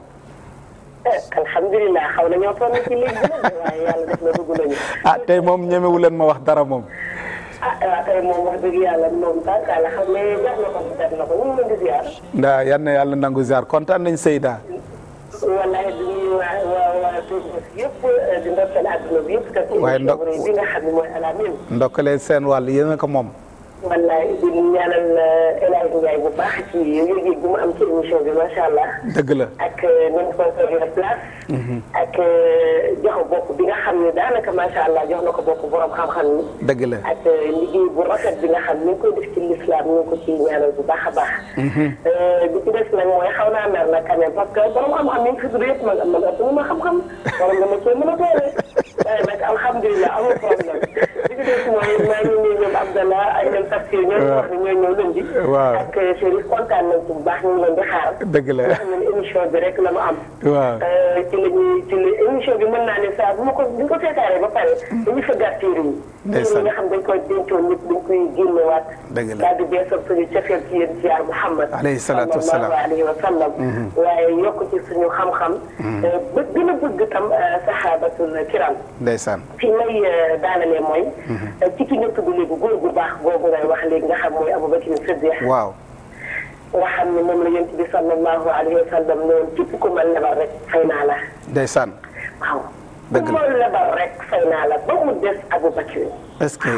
alhamdulilah xaw ñoo sonn ci liggéey waaye yàlla def na dugg nañu ah tey moom ñemewu leen ma wax dara moom ah waaw ah, kay yàlla moom tarkalla yal na yàlla nangu ziar kontaan nañ Seyda. wallaay du waaye ndok bi seen wàll yéen a ko moom. wallaay ak euh, joxe bopp bi nga xam ne daanaka macha allah jox na ko bopp borom xam-xam ni dëgg ak euh, liggéey bu rafet bi nga xam ni ñu koy def ci baax a baax. Mhm. Euh, bi xam-xam yi fi tudd yëpp man man ma xam-xam borom nga ma cee mën a toolee waaye nag alhamdulilah amul problème bi ci des mooy maa ngi nuyu ñoom Abdallah ak ñoom Tafsir ak Chérif kontaan nañ ci bu baax ñu ngi leen di xaar. dëgg la wax nañ émission bi rek la mu Sylla émission bi mën naa ne saa bu ma ko bu ma ko seetaanee ba pare. Mm. dañu fëggaat téere yi. ndeysaan nga xam dañ koy dencoon nit dañ koy génnewaat. dëgg la daal di beesal suñu cafeel ci yéen ci yar Muhammad. alayhi salaatu wa mm-hmm. yokk ci suñu xam-xam. Mm-hmm. Eh, ba gën a bëgg tam eh, saxaabatul kiram. ndeysaan fi may eh, mooy. Mm-hmm. ci ki nga tudd léegi góor gu baax googu ngay wax léegi nga xam mooy Aboubacar Siddiq. waaw. nga xam ne moom la yonent bi sallallahu alayhi wa sallam ne woon képp ku ma lebal rek fay naa la. ndeysaan. waaw. dëgg la ku ma lebal rek fay naa la ba mu des Abubakar. est-ce que.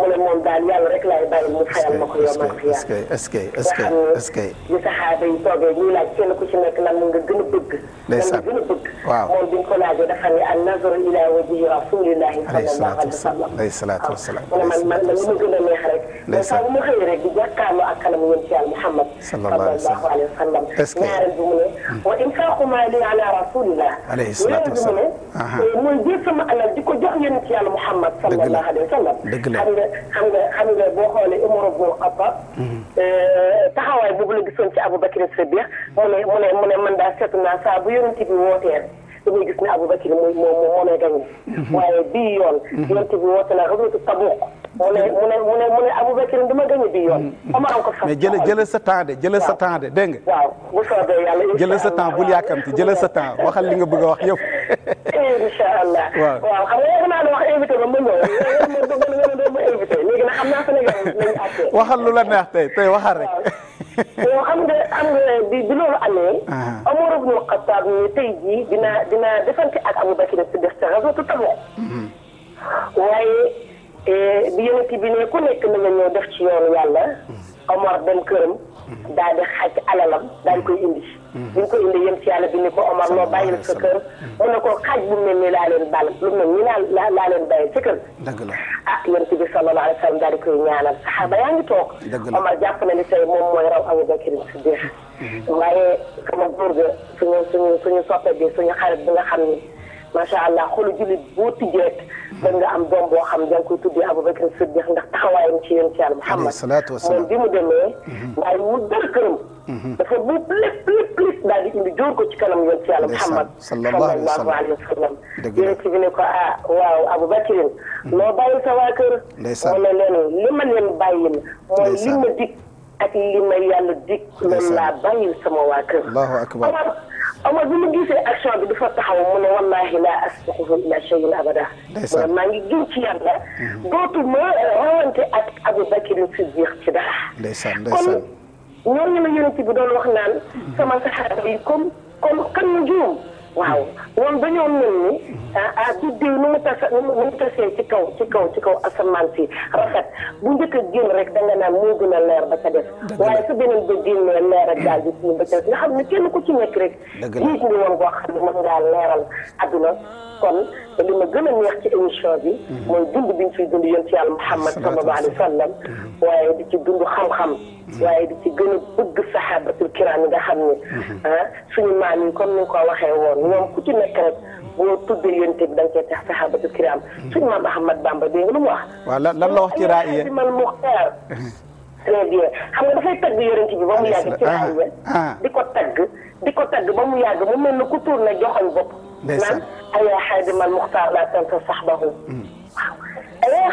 mu ne moom daal yàlla rek laay bàyyi mu fayal ma ko yomal xiyaam. est-ce que est-ce que est-ce que est-ce que ñu saxaaba yi toogee ñuy laaj kenn ku ci nekk lan nga gën a bëgg. ndeysaan lan nga gën a bëgg. waaw moom bi ñu ko laajee dafa ne an nazaru ila wajhi rasulillahi sallallahu alayhi wa sallam. alayhi salaatu wa salaam mu ne man man la ma gën a neex rek. ndeysaan saa bu ma xëyee rek di jàkkaarloo ak kanam yéen ci yàlla Muhammad. sallallahu alayhi wa sallam. est-ce que ñaareel bi mu ne. Hmm. wa infaqu maali ala rasulillah. alayhi salaatu wa salaam mu ne eh, mooy jël sama alal di ko jox yéen ci yàlla Muhammad sallallahu alayhi wa sallam. dëgg la xam nga xam nga boo xoolee Umar bun Xattaab mhm. eh, taxawaay boobu la gisoon ci Abubakar Siddiq mu ne mu ne mu ne man daa seetu naa saa bu yonent bi wootee da ngay gis ne Aboubacar mooy moo moo lay gañu mu mu mu mu ne Aboubacar dama gañu bii yoon Omar am ko sa temps de jële sa temps de dégg nga waaw bu soobee yàlla jële sa temps bul yàkkamti waxal li nga bëgg wax yëpp incha allah wax waxal lu la neex tey tey waxal rek yow xam nga xam nga bi bi loolu amee. Ah. Omar ibn Khattab ne tey jii dinaa dinaa defante ak Aboubacar Siddiq sa réseau tamit. Mhm. waaye e, bi yonent bi ne ku nekk na nga def ci yoonu yàlla. Mhm. Omar dem këram. Mhm. daal di xaaj alalam daal di koy indi. ñu ko indi yem ci yàlla bi ni ko Omar loo bàyyil sa kër mu ne ko xaaj bu mel ni laa leen bal lu mel ni laa laa leen bàyyil sa kër ah yonent bi sallallahu alayhi wa saxaaba yaa ngi toog Omar jàpp na ni tey moom mooy raw Abu Bakr Siddiq mhm. waaye sama góor ga suñu so suñu soppe bi suñu xarit xam ni macha allah xolu jullit boo tijjeet da nga am doom boo xam da nga koy tuddee Aboubacar Siddiq ndax taxawaayam ci yéen ci yàlla Muhammad moom bi mu demee mhm. waaye mu dër këram mhm. dafa buub lépp lépp lépp daal di indi jóor ko ci kanam yoon ci yàlla Muhammad sallallahu alayhi wa sallam yonent bi ne ko ah waaw Aboubacar mhm. loo bàyyi sa waa kër mu ne leen li ma leen bàyyil mooy li ma dig ak li ma yàlla dig loolu laa bàyyil sama waa kër Omar bi mu gisee action bi dafa taxaw mu ne wallahi laa asbiquhu ila shay'in abada. ndeysaan mu ne maa ngi gën ci yàlla. Mhm. dootuma rawante ak Abu Bakr Siddiq ci dara. ndeysaan ndeysaan kon ñooñu la yonent bi doon wax naan. Mhm. sama saxaaba yi comme comme kan mu juum. waaw moom dañoo mel ni ah ci ah, diw nu mu tasa nu mu tasee ci kaw ci kaw ci kaw asamaan si rafet bu njëkk a génn rek danga naan moo gën a leer ba ca def waaye su beneen leer ak daal di suñu ba ca def nga xam ne kenn ku ci nekk rek jiit ñi woon boo xam ne mën ngaa leeral adduna kon li ma gën a neex ci émission bi mhm. mooy dund biñ fiy dund yonent yàlla Muhammad sallallahu si wa sallam waaye di ci dund xam-xam Mm-hmm. waaye di ci gën a bëgg saxaabatul kiraam yi nga xam ne. Mm-hmm. ah suñu maam yi comme ni nga ko waxee woon ñoom ku ci nekk rek boo tuddee yonent bi da nga cee tax saxaabatul kiraam. Mm-hmm. suñu maam Ahmad Bamba dégg nga lu mu wax. waaw lan lan la wax ci raay yéen [laughs] très bien xam nga dafay tagg yonent bi ba mu yàgg ci raay ah, ah. di ko tagg di ko tagg ba mu yàgg mu mel ne ku tuur na joxoñ bopp. naan ayaa xaadimal muxtaar laa tansa saxbahu mm. waaw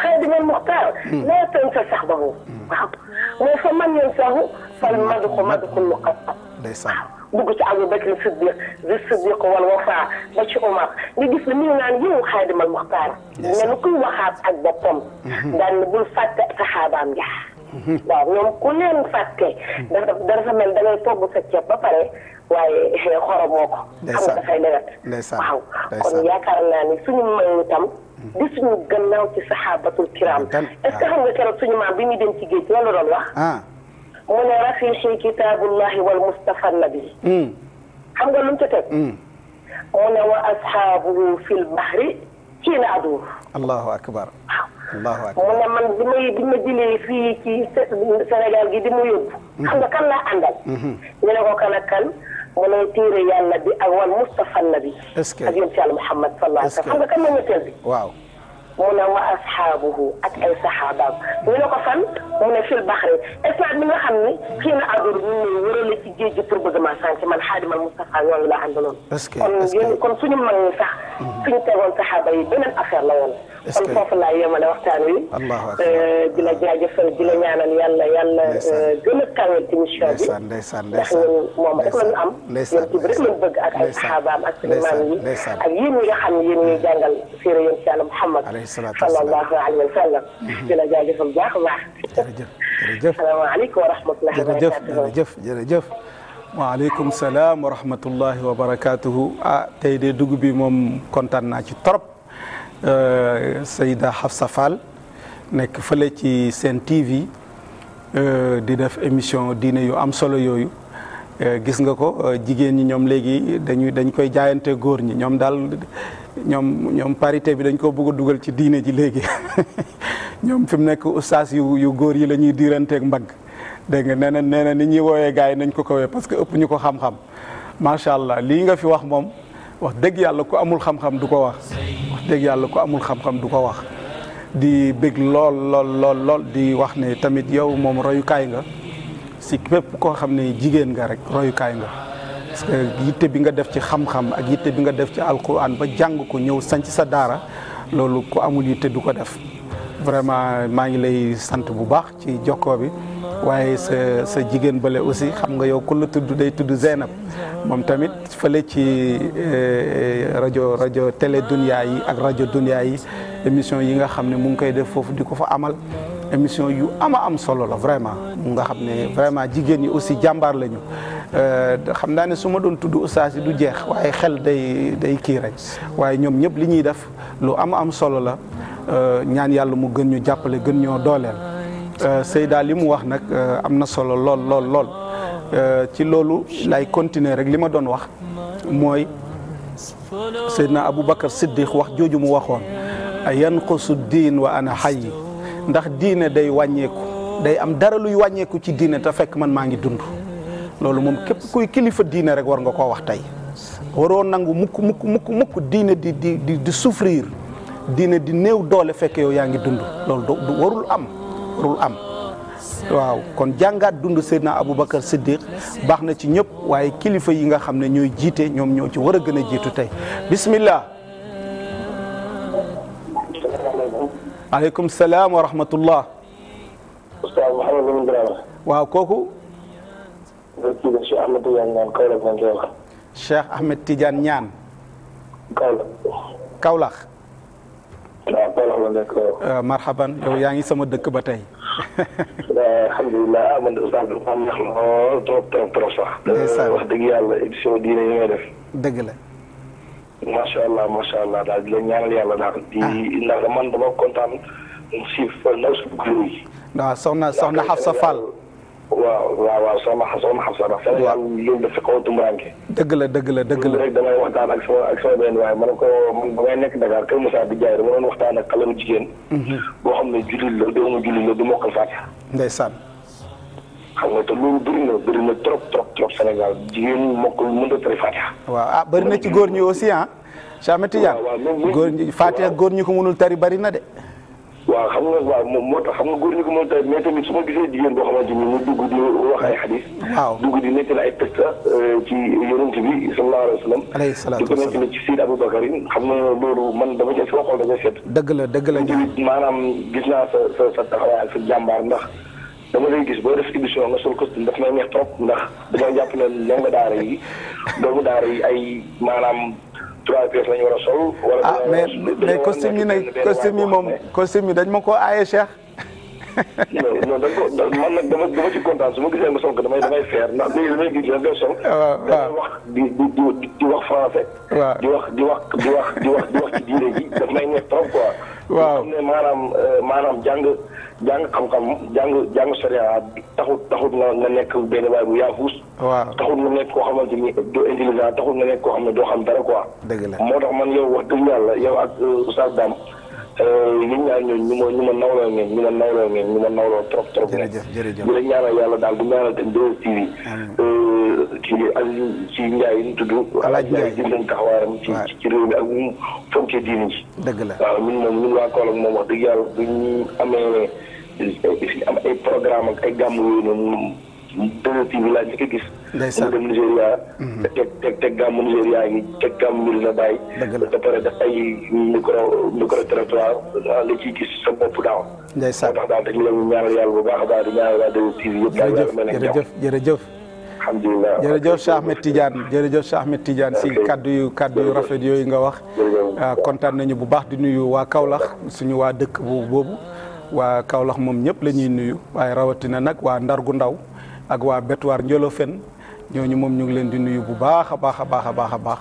xëy na dinañ muxtaar. nee hmm. nañ sa sax ba hmm. waaw mais fa man yoon saxu fan madu ko madu ko luqat. ndeysaan dugg ci Abu Bakr Siddiq di Siddiq wal Wafa ba ci Omar nga gis ne mi ngi naan yow xëy na dinañ muxtaar. ne kuy waxaat ak boppam. Hmm. daan bul fàtte saxaabaam ja. waaw ñoom ku leen fàtte. dafa dafa mel da ngay togg sa ceeb ba pare. waaye xoromoo ko. ndeysaan xam nga dafay lewet. waaw kon yaakaar naa ni suñu mayu tam. gisuñu gannaaw ci saxaabatul kiram est ce que xam nga keroog suñu maam bi muy dem ci géej loolu doon wax. Ah. mu ne rafiqi kitaabullahi wal mustafa nabi. Hmm. xam nga lu mu ca teg. Hmm. mu ne wa asxaabuhu fil bahri kii na aduur. allahu akbar. allahu akbar mu ne man bi may bi ma jëlee fii gi di mu yóbbu. Hmm. xam nga kan laa àndal. ñu ne ko mu lay téere yàlla bi ak wal Mustafa nabi. est-ce que ak yonent yàlla Muhammad sallallahu alayhi wa sallam xam nga kan bi. waaw. mu ne wa asxaabuhu ak ay saxaabaam ñu ne ko fan mu ne fil baxri état bi nga xam ni xëy na adur ñu ngi wërale ci géej gi pour bëgg maa sànq man xaadimal Mustafa ñooñu laa àndaloon. est-ce que kon yéen kon suñu mag ñi sax. suñu mhm. tegoon saxaaba yi beneen affaire la woon. est-ce que foofu laa yemale waxtaan wi. allahu akbar euh, di la jaajëfal di la ñaanal yàlla yàlla. Euh, gën a kawel ci mission bi. ndeysaan ndeysaan ndax ñun moom rek la ñu am. ndeysaan yéen ci rek lañ bëgg ak ay saxaabaam ak suñu maam yi. ak yéen ñi nga xam ne yéen ñuy jàngal séeréer yéen ci yàlla Muhammad. alayhi salaatu wa salaam sallallahu alayhi wa sallam. Mhm. di la jaajëfal baax a baax. jërëjëf jërëjëf salaamaaleykum wa rahmatullahi wa barakaatuhu. jërëjëf jërëjëf waaleykum salaam wa rahmatullahi wa barakaatuhu ah tey de dugub bi moom kontaan naa ci trop Euh, Seyda Hafsa Fall nekk fële ci seen TV euh, di def émission diine yu am solo yooyu euh, gis nga ko jigéen ñi ñoom léegi dañuy dañ koy jaayante góor ñi ñoom daal ñoom ñoom parité bi dañ ko bëgg dugal ci diine ji léegi [laughs] ñoom fi mu nekk ustaas yu yu góor yi la ñuy diiranteeg mbagg dégg nga nee na nee na ni ñuy woowee gars yi nañ ko kawee parce que ëpp ñu ko xam-xam macha allah lii nga fi wax moom. wax dëgg yàlla ku amul xam-xam du ko wax wax yàlla ku amul xam du ko wax di bëgg lool lool lool lool di wax ne tamit yow moom royukaay nga si képp koo xam ne jigéen nga rek royukaay nga parce que yitte bi nga def ci xam-xam ak yitte bi nga def ci alquran ba jàng ko ñëw sanc sa daara loolu ku amul yitte du ko def vraiment maa ngi lay sant bu baax ci jokkoo bi waaye sa sa jigéen bële aussi xam nga yow ku la tudd day tudd Zeynab moom tamit fële ci eh, rajo rajo télé dunia yi ak rajo dunia yi émission yi nga xam ne mu ngi koy def foofu di ko fa amal émission yu ama am solo la vraiment mu nga xam ne vraiment jigéen ñi aussi jàmbaar lañu eh, xam naa ne su ma doon tudd ustaas du jeex waaye xel day day kii rek waaye ñoom ñëpp li ñuy def lu ama am solo la eh, ñaan yàlla mu gën ñu jàppale gën ñoo dooleel Euh, Seyda li mu wax nag euh, am na solo lool lool lool euh, ci loolu lay continuer rek li ma doon wax mooy Seydina Aboubacar Siddiq wax jooju mu waxoon yan yanqusu diin wa ana xayyi ndax diine day wàññeeku day am dara luy wàññeeku ci diine te fekk man maa ngi dund loolu moom képp kuy kilifa diine rek war nga koo wax tey waroo nangu mukk mukk mukk mukk diine di di di souffrir diine di néew doole fekk yow yaa ngi dund loolu warul am warul am waaw kon jàngaat dund Seydina Aboubacar Siddiq baax na ci ñëpp waaye kilifa yi nga xam ne ñooy jiite ñoom ñoo ci war a gën a jiitu tey bismillah aleykum salaam wa rahmatullah kooku Cheikh Ahmed Tidiane Niane Kaolack waaw Kaolack euh, la yaa ngi sama dëkk ba tey. [laughs] alhamdulilah man de Oustaz bi am neex lool trop trop sax. ndeysaan euh, wax dëgg yàlla émission diine yi ngay def. dëgg la. macha allah macha allah daal di la ñaanal yàlla daal. Ah. di ndax man dama kontaan si fan la suuf waaw soxna soxna Xafsa Fall. waaw waaw waaw soxna soxna xam sax ndax Sénégal léegi dafa xaw a tumuraanke dëgg la dëgg la dëgg la rek damay waxtaan ak sama ak sama man ko nekk Dakar Kër Moussa di jaay dama doon waxtaan ak xale jigéen mhm. boo xam ne jullit la doomu jullit la du mokkal xam nga te loolu bëri na bëri na trop trop trop Sénégal jigéen mokkal mënut a tari Faatiha waaw ah bëri na ci góor ñi aussi ah Cheikh Ahmed Tidiane góor ñi Faatiha góor ñi ko mënul tari bëri na de waaw xam nga waaw moom moo tax xam nga góor ñi ko moo tamit mais tamit su ma gisee jigéen boo xamante ni mu dugg di wax ay xadis. waaw dugg di nekk na ay texte euh, ci yonent bi sallallahu alayhi wa sallam. alayhi salaatu wa salaam di ko nekk ci Sidi Aboubacar xam nga loolu man dama cee sama xol dama seet. dëgg la dëgg la ñu. maanaam gis naa sa sa sa taxawaay ak sa dama lay gis boo émission nga sol costume daf may neex trop ndax dama jàpp ne ndongo daara yi [laughs] doomu daara yi maanaam trois pièces la ñu war a sol. wala ah mais mais costume yi nag costume yi moom costume yi dañ ma koo aaye Cheikh. non non da nga ko man nag dama dama ci kontaan su ma gisee nga sol ko damay damay feer ndax léegi damay gis da nga sol. Ah, waaw waaw wax di di di wax français. waaw di wax di wax di wax di wax di wax ci diine ji daf may neex trop quoi. waaw xam ne maanaam euh, maanaam jàng. jàng xam-xam jàng jàng sariya taxut taxut nga nga nekk benn waay bu yaafus. waaw taxut nga nekk koo xamante ni doo intelligent taxut nga nekk koo xam ne doo xam dara ko dëgg la moo tax man yow wax dëgg yàlla yow ak euh, Oustaz Dame liñ euh, ñaan ñoom ñu ma ñu ma nawloo ngeen ñu ma nawloo ngeen ñu ma nawloo trop trop. jërëjëf jërëjëf ñu la yàlla daal du ñaanal tamit doo TV. kii Aliou ci Ndiaye ñu tudd. Alaaji Ndiaye gis nañ taxawaayam. ci ci réew mi ak ñu fonkee diini ji. dëgg la waaw ñun moom ñun waa Kaolack moom wax dëgg yàlla bu ñu amee am ay programme ak ay gàmm yooyu noonu dëgg ci bi laa njëkk a gis. ndeysaan mu dem Nigéria. Mhm. teg teg teg gàmmu Nigéria gi teg gàmmu Medina Baye. dëgg la ba pare def ay micro micro territoire la ciy gis sa bopp daaw. ndeysaan moo tax daal dañu leen ñaanal yàlla bu baax a baax di ñaanal waa dëgg ci bi yëpp. jërëjëf jërëjëf alhamdulilah jërëjëf Cheikh Ahmed Tidiane jërëjëf Cheikh Ahmed Tidiane si kaddu yu kaddu rafet yooyu nga wax ah, kontaan nañu bu baax di nuyu waa Kaolack suñu waa dëkk boobu waa Kaolack moom ñëpp lañuy nuyu waaye rawatina nag waa Ndargu Ndaw ak waa Betuwaar fen ñooñu moom ñu ngi leen di nuyu bu baax a baax a baax a baax a baax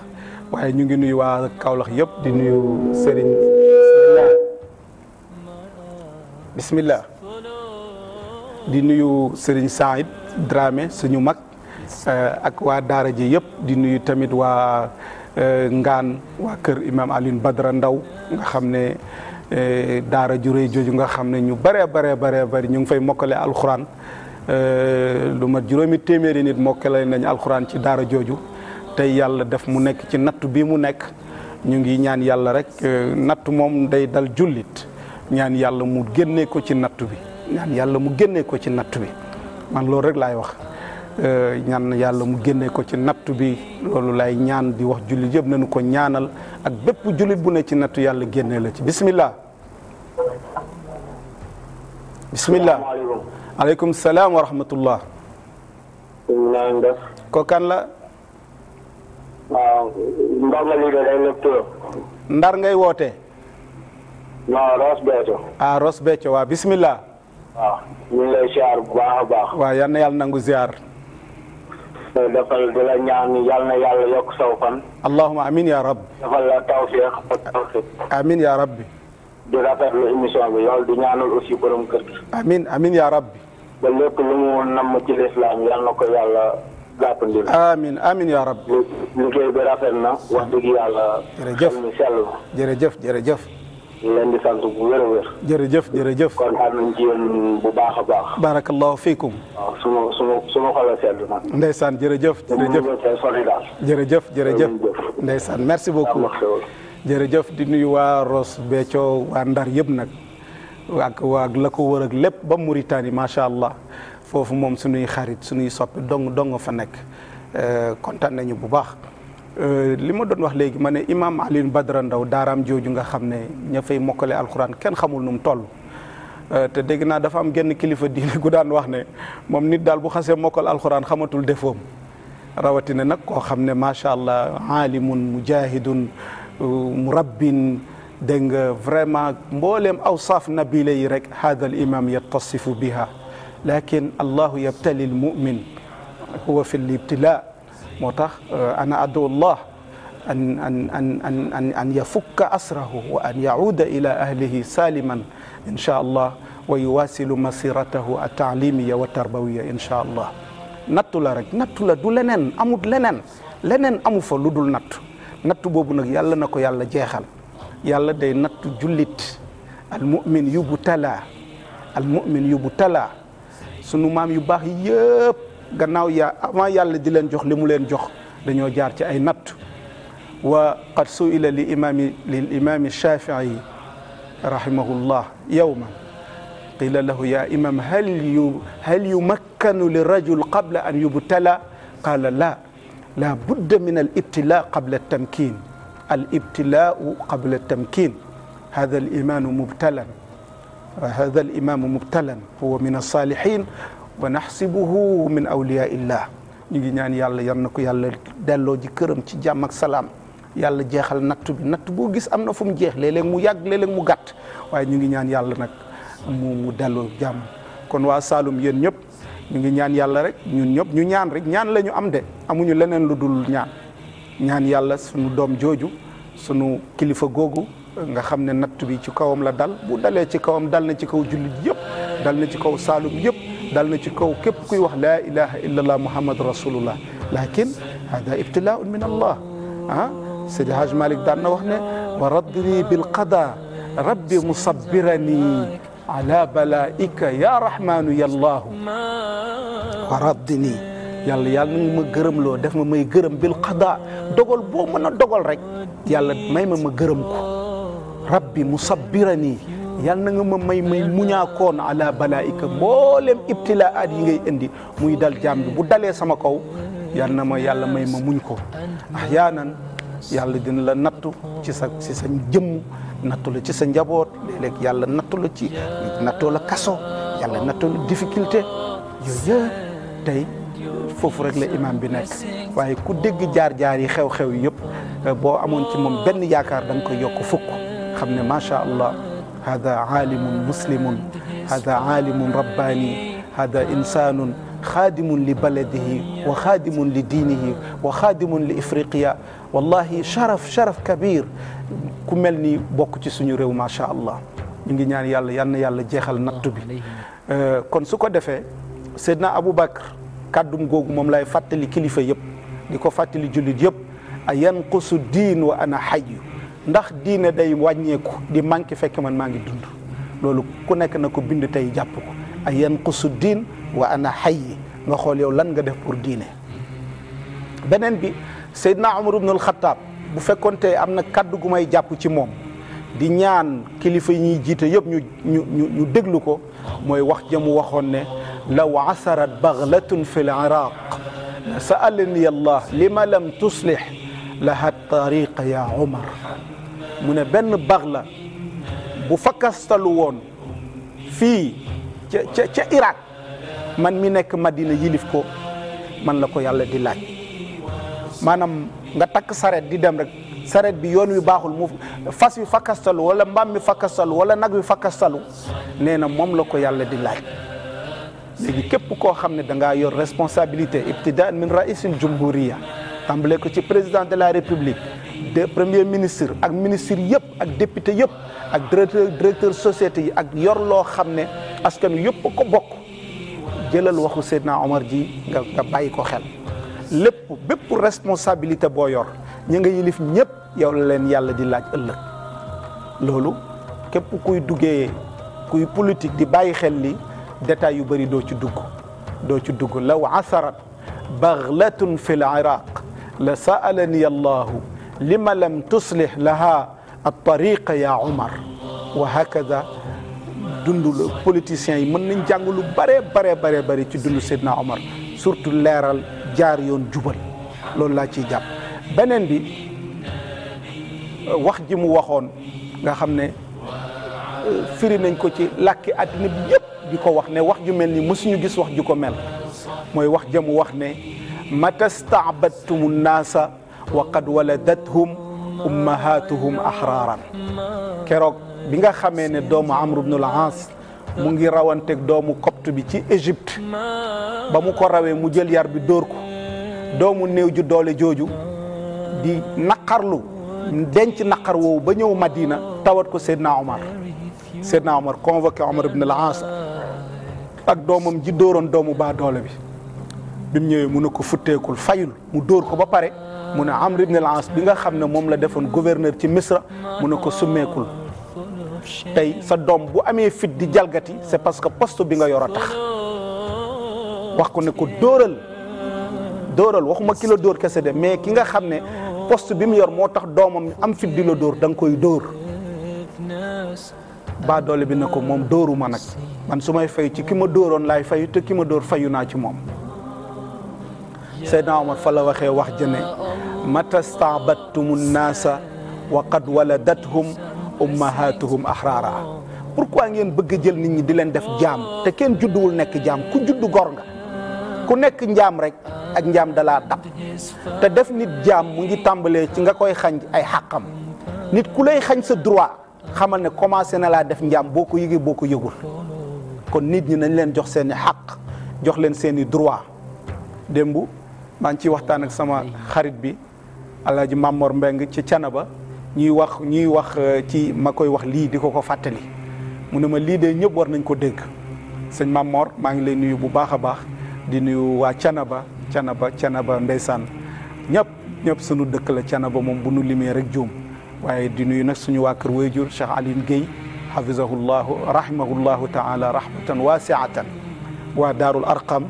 waaye ñu ngi nuyu waa Kaolack yëpp di nuyu Serigne bismillah di nuyu sëriñ Saïd Dramé suñu mag Euh, ak waa daara ji yëpp di nuyu tamit waa euh, ngaan waa kër imam Alioune Badara Ndaw nga xam ne euh, daara ju jooju nga xam ne ñu bëree baree baree bëri ñu ngi fay mokkale alxuraan lu ma juróomi téeméeri nit mokkale nañ alxuraan ci daara jooju tey yàlla def mu nekk ci natt bi mu nekk ñu ngi ñaan yàlla rek natt moom day dal jullit ñaan yàlla mu génnee ko ci natt bi mu génnee ko ci natt bi man loolu rek laay wax Euh, ñan yàlla mu génne ko ci nattu bi loolu lay ñaan di wax jullit yëpp nañu ko ñaanal ak bépp jullit bu ne ci nattu yàlla génne la ci bismillah bismillah aleykum salaam wa rahmatullah kan la waaw ndar ngay woote non Ross Béthio ah bismillah waaw ñu bu baax a baax waaw yal na yàlla nangu ziar defal di la ñaan yal na yàlla yokk saw fan. allahuma amiin yaa rab. defal la tawfiq ak tawfiq. amiin yaa rabbi. di rafetlu émission bi yow di ñaanal aussi borom kër gi. amiin amiin yaa rabbi. ba lépp lu mu namm ci lislaam yal na ko yàlla jàppandil. amiin amiin yaa rabbi. liggéey bi rafet na wax dëgg yàlla. jërëjëf xel mi sell ñu leen di sant bu wér a jërëjëf jërëjëf. bu baax a baax. barakallahu fiikum. waaw su ma su ma su ma xoolee sedd na. ndeysaan jërëjëf. jërëjëf jërëjëf merci beaucoup. jërëjëf di nuyu waa Ross Béthio waa Ndar yëpp nag. ak waa la ko wër ak lépp ba muri Mauritanie macha allah foofu moom suñuy xarit suñuy soppi dong dong fa nekk eh, kontaan nañu bu baax. Euh, li ma doon wax léegi ma ne imaam Alioune Badara Ndaw daaraam jooju nga xam ne ña fay mokkale alxuraan kenn xamul nu mu toll. Euh, te dégg naa dafa am genn kilifa diine gu daan wax ne moom nit daal bu xasee mokkal alxuraan xamatul defoom rawatina nag koo xam ne macha allah aalimun mujahidun murabbin dégg nga vraiment mbooleem awsaaf nabila yi rek hada al imam yattasifu biha lakin allahu yabtali al mumin huwa fi l moo tax euh, ana adullah an an an an an an yafukka asrahu wa an yauda ila ahlihi saliman inchaa allah wa yuwaasilu masiratahu at-taalimiya wa tarbawiya inchaa allah nattu la rek nattu la du leneen amut leneen leneen amu fa lu dul natt nattu boobu nag yàlla na ko yàlla jeexal yàlla day nattu jullit almumin yubu talaa almumin yubu talaa sunu maam yu baax yëpp gannaaw ya avant yàlla di leen jox li mu leen jox dañoo jaar ci ay natt wa qad suila li imaami lil imaami shafii rahimahullah yowman qila lahu ya imam hal yu hal yumakkanu li rajul qabla an yubtala qala la la budda min al ibtila qabla tamkin al ibtilau qabla tamkin hada al imanu mubtalan hada al imamu mubtalan huwa min alsalihin wa naxsibuhu min awliyaillah ñu ngi ñaan yàlla yal na ko yàlla delloo ji këram ci jàmm ak salaam yàlla jeexal natt bi natt boo gis am na fu mu jeex léeg-léeg mu yàgg léeg-léeg mu gàtt waaye ñu ngi ñaan yàlla nag mu delloo jàmm kon waa Saalum yéen ñëpp ñu ngi ñaan yàlla rek ñun ñëpp ñu ñaan rek ñaan lañu am de amuñu leneen lu dul ñaan ñaan yàlla sunu doom jooju sunu kilifa googu nga xam ne natt bi ci kawam la dal bu dalee ci kawam dal na ci kaw julli yëpp na ci kaw Saalum yëpp dal na ci ko képp kuy wax laa ilaha illa allah muhammad rasulullah lakin hada ibtilaun min allah ah Seydi Haj Malik daan na wax ne wa raddini bilqada rabbi musabbirani ala balaika ya rahmanu ya allahu raddini yàlla yàlla na loo def ma may gërëm bil qada dogal boo mën ma ma gërëm rabbi musabbirani yal na nga ma may may muñaakoon ala balaika mboolem ibtilaat yi ngay indi muy dal jaam bi bu dalee sama kaw yal na ma yàlla may ma muñ ko ahyaanan yàlla dina la nattu ci sa ci jëmm nattu la ci sa njaboot léeg-léeg yàlla nattu la ci nattoo la kaso yàlla nattoo la difficulté yooyu yëpp tey foofu rek la imam bi nekk waaye ku dégg jaar-jaar yi xew-xew yi yëpp boo amoon ci moom benn yaakaar da nga koy yokk fukk xam ne macha allah hada aalimun muslimun hada aalimun rabbaani hada insaanun xaadimun li baladihi wa xaadimun li diinihi wa xaadimun li ifriqiya wallahi sharaf sharaf kabir ku mel ni bokk ci suñu réew macha allah ñu ngi ñaan yàlla yal na yàlla jeexal nattu bi euh, kon su ko defee Seydina Aboubacar kàddum googu moom lay fàttali kilifa yëpp di ko fàttali jullit yëpp a yanqusu diin wa ana xayyu ndax diine day wàññeeku di manqué fekk man maa ngi dund loolu ku nekk na ko bind tey jàpp ko ay yanqusu diin wa ana xayyi nga xool yow lan nga def pour diine beneen bi Seydina Omar ibnul Xataab bu fekkonte am na kaddu gu may jàpp ci moom di ñaan kilifa yi ñuy jiite yëpp ñu ñu déglu ko mooy wax jëmu waxoon ne law asarat baglatun fi l iraq sa'alani lam tuslih laha tariqa ya omar mu ne benn bax la bu fakkastalu woon fii ca ca ca Irak man mi nekk Madina yilif ko man la ko yàlla di laaj maanaam nga takk saret di dem rek saret bi yoon wi baaxul mu fas wi fakkastalu wala mbaam mi fakkastalu wala nag wi fakkastalu nee na moom la ko yàlla di laaj léegi képp koo xam ne danga yor responsabilité ibtidaan min raisil jumhuriya tàmbale ko ci président de la république de premier ministre ak ministre yëpp ak député yëpp ak directeur directeur société yi ak yor loo xam ne askan yëpp ko bokk jëlal waxu Seydina Omar ji nga bàyyi ko xel lépp bépp responsabilité boo yor ñi nga yilif ñëpp yow leen yàlla di laaj ëllëg loolu képp kuy duggee kuy politique di bàyyi xel li détails yu bëri doo ci dugg doo ci dugg law asarat baxlatun fi l iraq la sa'alani allahu lima lam tuslih laha at-tariqa ya Umar wa hakada dundu politiciens yi mën nañ jàng lu bare bare bare ci dundu Seydina Omar surtout leeral jaar yoon jubal loolu laa ci jàpp beneen bi wax ji mu waxoon nga xam ne euh, firi nañ ko ci làkki àddina bi yëpp di ko wax ne wax ju mel ni mësuñu gis wax ji ko mel mooy wax ja mu wax ne mata staabadtumu nnaasa wa qad waladathum ummahatuhum ahraaran keroog bi nga xamee ne doomu amr ibnul aas mu ngi rawanteeg doomu koptu bi ci égypte ba mu ko rawee mu jël yar bi dóor ko doomu néew ju doole jooju di naqarlu denc naqar woowu ba ñëw madina tawat ko seydna omar seydna omar convoqué omar ibnul aas ak doomam ji dooroon doomu baa doole bi bi mu ñëwee mu ne ko futteekul fayul mu dóor ko ba pare mu ne am ibn al-As bi nga xam ne moom la defoon gouverneur ci Misra mu ne ko summeekul tey sa doom bu amee fit di jalgati c'est parce que poste bi nga yor a tax wax ko ne ko dóoral dóoral waxuma ki la dóor kese de mais ki nga xam ne post bi mu yor moo tax doomam am fit di la dóor da nga koy dóor baa doole bi ne ko moom dóoruma nag man su may fay ci ki ma dóoroon laay fay te ki ma dóor fayu naa ci moom Seydina Omar fa la waxee wax jëne mata staabattumu naasa wa qad waladathum ummahatuhum ahraara pourquoi ngeen bëgg a jël nit ñi di leen def jaam te kenn judduwul nekk jaam ku juddu gor nga ku nekk njaam rek ak njaam dalaa dab te def nit jaam mu ngi tàmbalee ci nga koy xañ ay xàqam nit ku lay xañ sa droit xamal ne commencé na laa def njaam boo ko yëgee boo ko yëgul kon nit ñi nañ leen jox seeni xàq jox leen seeni droit démb maa ngi ciy waxtaan ak sama xarit bi Alaaji Mamor Mbeng ci Canaba ñuy wax ñuy wax eh, ci ma koy wax lii di ko ko fàttali mu ne ma lii de ñëpp war nañ ko dégg sëñ mamoor maa ngi lay nuyu bu baax a baax di nuyu waa Canaba Canaba Canaba ndeysaan ñëpp ñëpp sunu dëkk la Canaba moom bu nu limee rek juum waaye di nuyu nag suñu waa kër wayjur Cheikh Alioune Guèye xafisahullahu rahimahullahu taala rahmatan waasiatan waa daarul arqam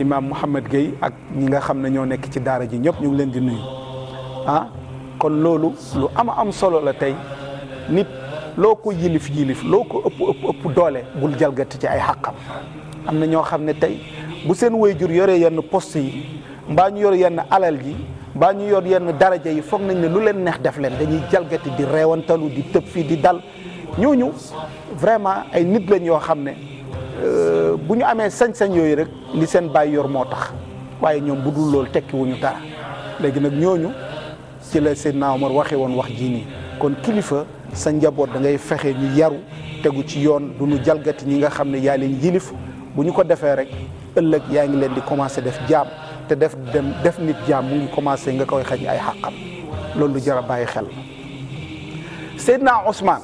imaam Mouhamed Gueye ak ñi nga xam ne ñoo nekk ci daara ji ñëpp ñu ngi leen di nuyu ah kon loolu lu ama am solo la tey nit loo ko yilif yilif loo ko ëpp ëpp ëpp doole bul jalgati ci ay xàqam am na ñoo xam ne tey bu seen wayjur yore yenn post yi mbaa ñu yor yenn alal yi mbaa ñu yor yenn daraja yi foog nañ ne lu leen neex def leen dañuy jalgati di reewantalu di tëb fii di dal ñooñu vraiment ay nit lañ yoo xam ne euh, bu ñu amee sañ-sañ yooyu rek li seen bàyyi yor moo tax waaye ñoom bu dul loolu tekki wuñu léegi nag ñooñu ci la Seydina Omar waxee woon wax jii nii kon kilifa sa njaboot da ngay fexe ñu yaru tegu ci yoon du ñu jalgati ñi nga xam ne yaa leen yilif bu ñu ko defee rek ëllëg yaa ngi leen di commencé def jaam te def dem def nit jaam mu ngi commencé nga koy xaj ay xàqam loolu lu jar a bàyyi xel Seydina Ousmane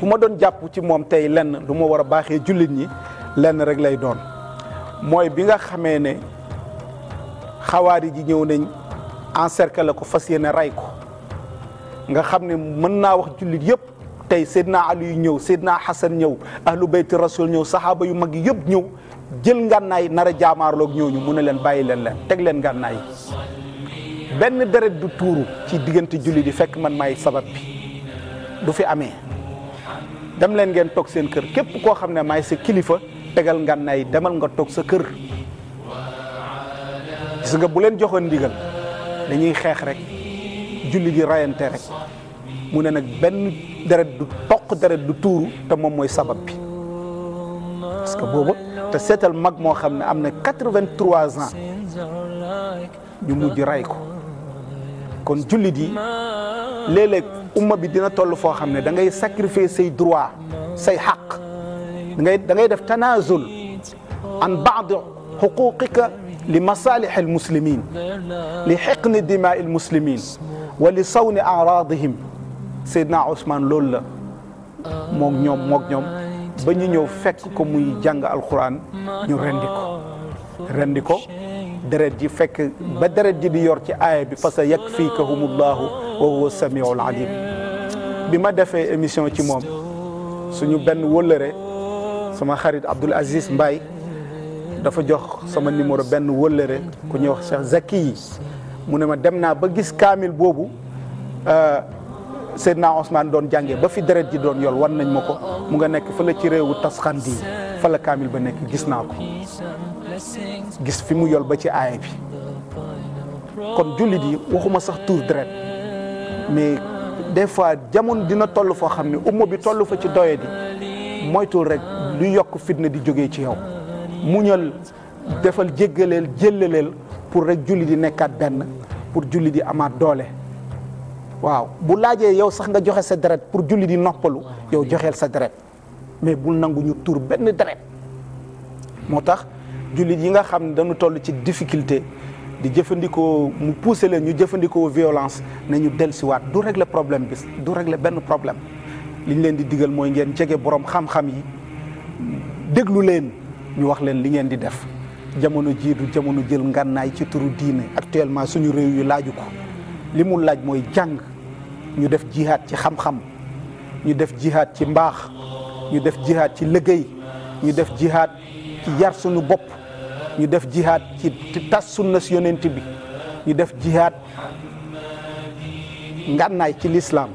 bu ma doon jàpp ci moom tey lenn lu ma war a baaxee jullit ñi lenn rek lay doon mooy bi nga xamee ne xawaari ji ñëw nañ encercler ko fas yéene rey ko nga xam ne mën naa wax jullit yëpp tey Seydina Ali ñëw Seydina Xasan ñëw ahlu bayti rasul ñëw saxaaba yu mag yëpp ñëw jël ngànnaay nar a jaamaarloog ñooñu mu ne leen bàyyi leen la teg leen ngànnaay benn deret du tuuru ci diggante jullit yi fekk man maay sabab bi du fi amee dem leen ngeen toog seen kër képp koo xam ne maay sa kilifa tegal ngànnaay demal nga toog sa kër gis nga bu leen joxoon ndigal dañuy xeex rek julli di rayante rek mu ne nag benn deret du toq deret du tuuru te moom mooy sabab bi parce que boobu te seetal mag moo xam ne am na quatre-vingt-trois ans ñu mujj ray ko kon jullit yi léeg-léeg umma bi dina toll foo xam ne dangay ngay sacrifier say droit say xàq da ngay da ngay def tanazul an baad xuquqika li masalih almuslimin li xiqni dima almuslimin wa li sawni aradihim Seydina Ousmane loolu la moog ñoom moog ñoom ba ñu ñëw fekk ko muy jàng alquran ñu rendi ko rendi ko deret ji fekk ba deret ji di yor ci aaya bi fa sa yakfikahum allahu wa huwa samiul alim bi ma defee émission ci moom suñu benn wëllëre sama xarit Abdoul Aziz Mbaye dafa jox sama numéro benn wëllëre ku ñuy wax Cheikh Zaki yi mu ne ma dem naa ba gis kaamil boobu euh, naa Ousmane doon jàngee ba fi deret ji doon yool wan nañ ma ko mu nga nekk fa la ci réewu Tasxandi fa la kaamil ba nekk gis naa ko gis fi mu yol ba ci aaya bi kon jullit yi waxuma sax tuur deret mais des fois jamono dina toll foo xam ne umma bi tollu fa ci doye moytul rek lu yokk fitna di jógee ci yow muñal defal jéggaleel jëllaleel pour rek julli di nekkaat benn pour julli di amaat doole waaw bu laajee yow sax nga joxe sa deret pour julli di noppalu yow joxeel sa deret mais bul nangu ñu tur benn deret moo tax jullit yi nga xam ne dañu toll ci difficulté di jëfandikoo mu poussé leen ñu jëfandikoo violence ne ñu dellusiwaat du régler problème bi du régler benn problème liñ leen di digal mooy ngeen jege borom xam-xam yi déglu leen ñu wax leen li ngeen di def jamono jii jamono jël ngànnaay ci turu diine actuellement suñu réew yu laaju ko li mu laaj mooy jàng ñu def jihaat ci xam-xam ñu def jihaat ci mbaax ñu def jihaat ci liggéey ñu def jihaat ci yar suñu bopp ñu def jihaat ci tas sunna si yonent bi ñu def jihaat ngànnaay ci lislaam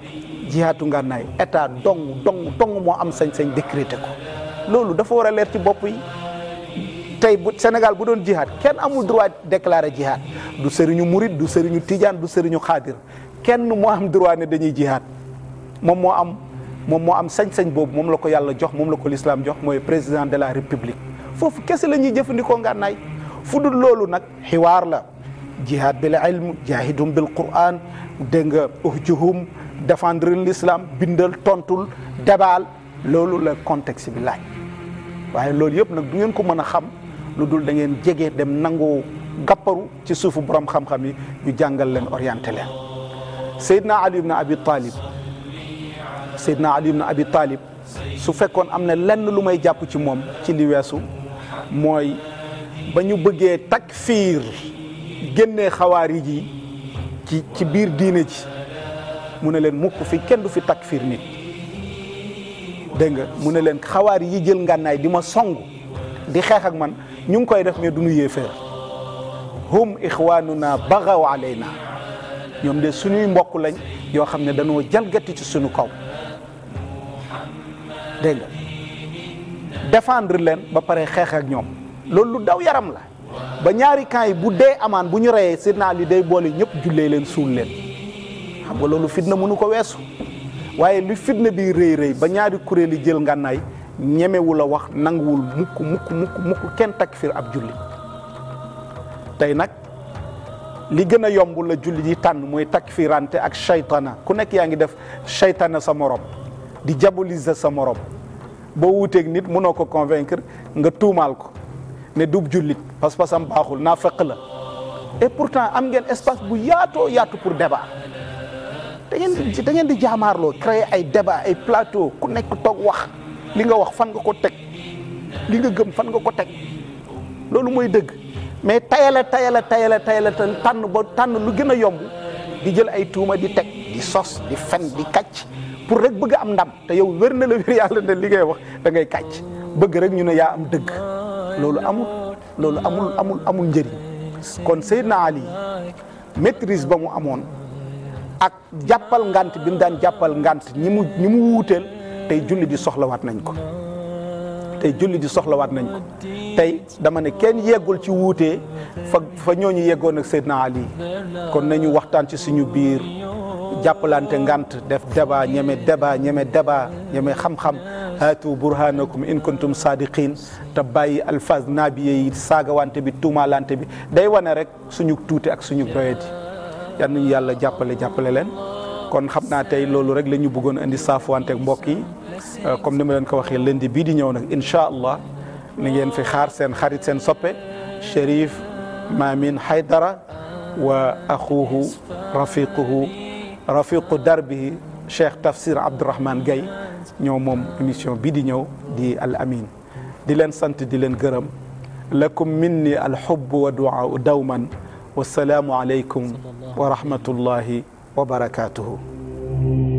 jihaatu ngànnaay état dong dong dong moo am sañ-sañ décrété ko loolu dafa war a leer ci bopp yi tey bu Sénégal bu doon jihaat kenn amul droit déclarer jihaat du sëriñu murit du sëriñu tijaan du sëriñu xaadir kenn moo am droit ne dañuy jihaat moom moo am moom moo am sañ-sañ boobu moom la ko yàlla jox moom la ko lislaam jox mooy président de la république foofu kese la ñuy jëfandikoo ngànnaay fu dul loolu nag xiwaar la jihad bil ilm jahidum bil quran dégg nga uhjuhum défendre l'islam bindal tontul debaal loolu la contexte bi waaye loolu yëpp nag du ngeen ko mën a xam lu dul da ngeen jege dem nangoo gàpparu ci suufu borom xam-xam yi ñu jàngal leen orienté leen Seydina Ali ibn Abi Talib Seydina Ali na Abi Talib su fekkoon am na lenn lu may jàpp ci moom ci liweesu mooy ba ñu bëggee takfiir génnee xawaarij yi ci ci biir diine ji mu ne leen mukk fi kenn du fi takk takfir nit dégg nga mu ne leen xawaari yi jël ngànnaay di ma song di xeex ak man ñu ngi koy def mais du ñu yéeféer hum ixwaanuna bagaw alayna ñoom de suñuy mbokk lañ yoo xam ne dañoo jalgati ci suñu kaw dégg nga leen ba pare xeexak ak ñoom loolu daw yaram la ba ñaari kaay bu dee amaan bu ñu reyee Seydina Ali day boole ñëpp jullee leen suul leen xam nga loolu fitna mënu ko weesu waaye lu fitna bii rëy rëy ba ñaari kuréel yi jël ngànnaay ñemewu la wax nanguwul mukk mukk mukk mukk kenn takfir ab julli tey nag li gën a yomb la julli yi tànn mooy takfirante ak shaytana ku nekk yaa ngi def shaytana sa moroom di diaboliser sa morom boo wuuteeg nit mënoo ko convaincre nga tuumaal ko ne dub jullit pas-pasam baaxul naa fekk la et pourtant am ngeen espace bu yaatoo yaatu pour deba da ngeen di da ngeen di jaamaarloo créer ay débat ay plateau ku nekk toog wax li nga wax fan nga ko teg li nga gëm fan nga ko teg loolu mooy dëgg mais tayala tayala tayala tayala tànn ba tànn lu gën a yomb di jël ay tuuma di teg di sos di fen di kàcc pour rek bëgg am ndam te yow wér na la wér yàlla ne li ngay wax da ngay kàcc bëgg rek ñu ne yaa am dëgg loolu amul loolu amul amul amul njëriñ kon Seydina Ali maîtrise ba mu amoon ak jàppal ngànt bi mu daan jàppal ngant ñi mu ñi mu wuuteel tey julli di soxlawaat nañ ko tey julli di soxlawaat nañ ko tey dama ne kenn yeggul ci wuutee fa fa ñooñu yeggoon ak Seydina Ali kon nañu waxtaan ci suñu biir jàppalante ngant def débat ñeme débat ñeme débat ñeme xam-xam haatu burhanakum in kuntum sadiqin te bàyyi alphase naabiye yi saagawante bi tuumaalante bi day wane rek suñu tuuti ak suñu doyati yal nañu yàlla jàppale jàppale leen kon xam naa tey loolu rek la ñu buggoon indi saafuwante ak mbokk yi euh, comme ni ma leen ko waxee lundi bii di ñëw nag incha allah ni ngeen fi xaar seen xarit seen soppe Chérif Mamine Haydara wa axuhu rafiquhu rafiqu darbi cheikh tafsir Abdourahmane Gaye ñoo moom émission bi di ñëw di al amin di leen sant di leen gërëm lakum minni alxubb wa duaa dawman wassalaamu aleykum wa rahmatullahi wa barakatuhu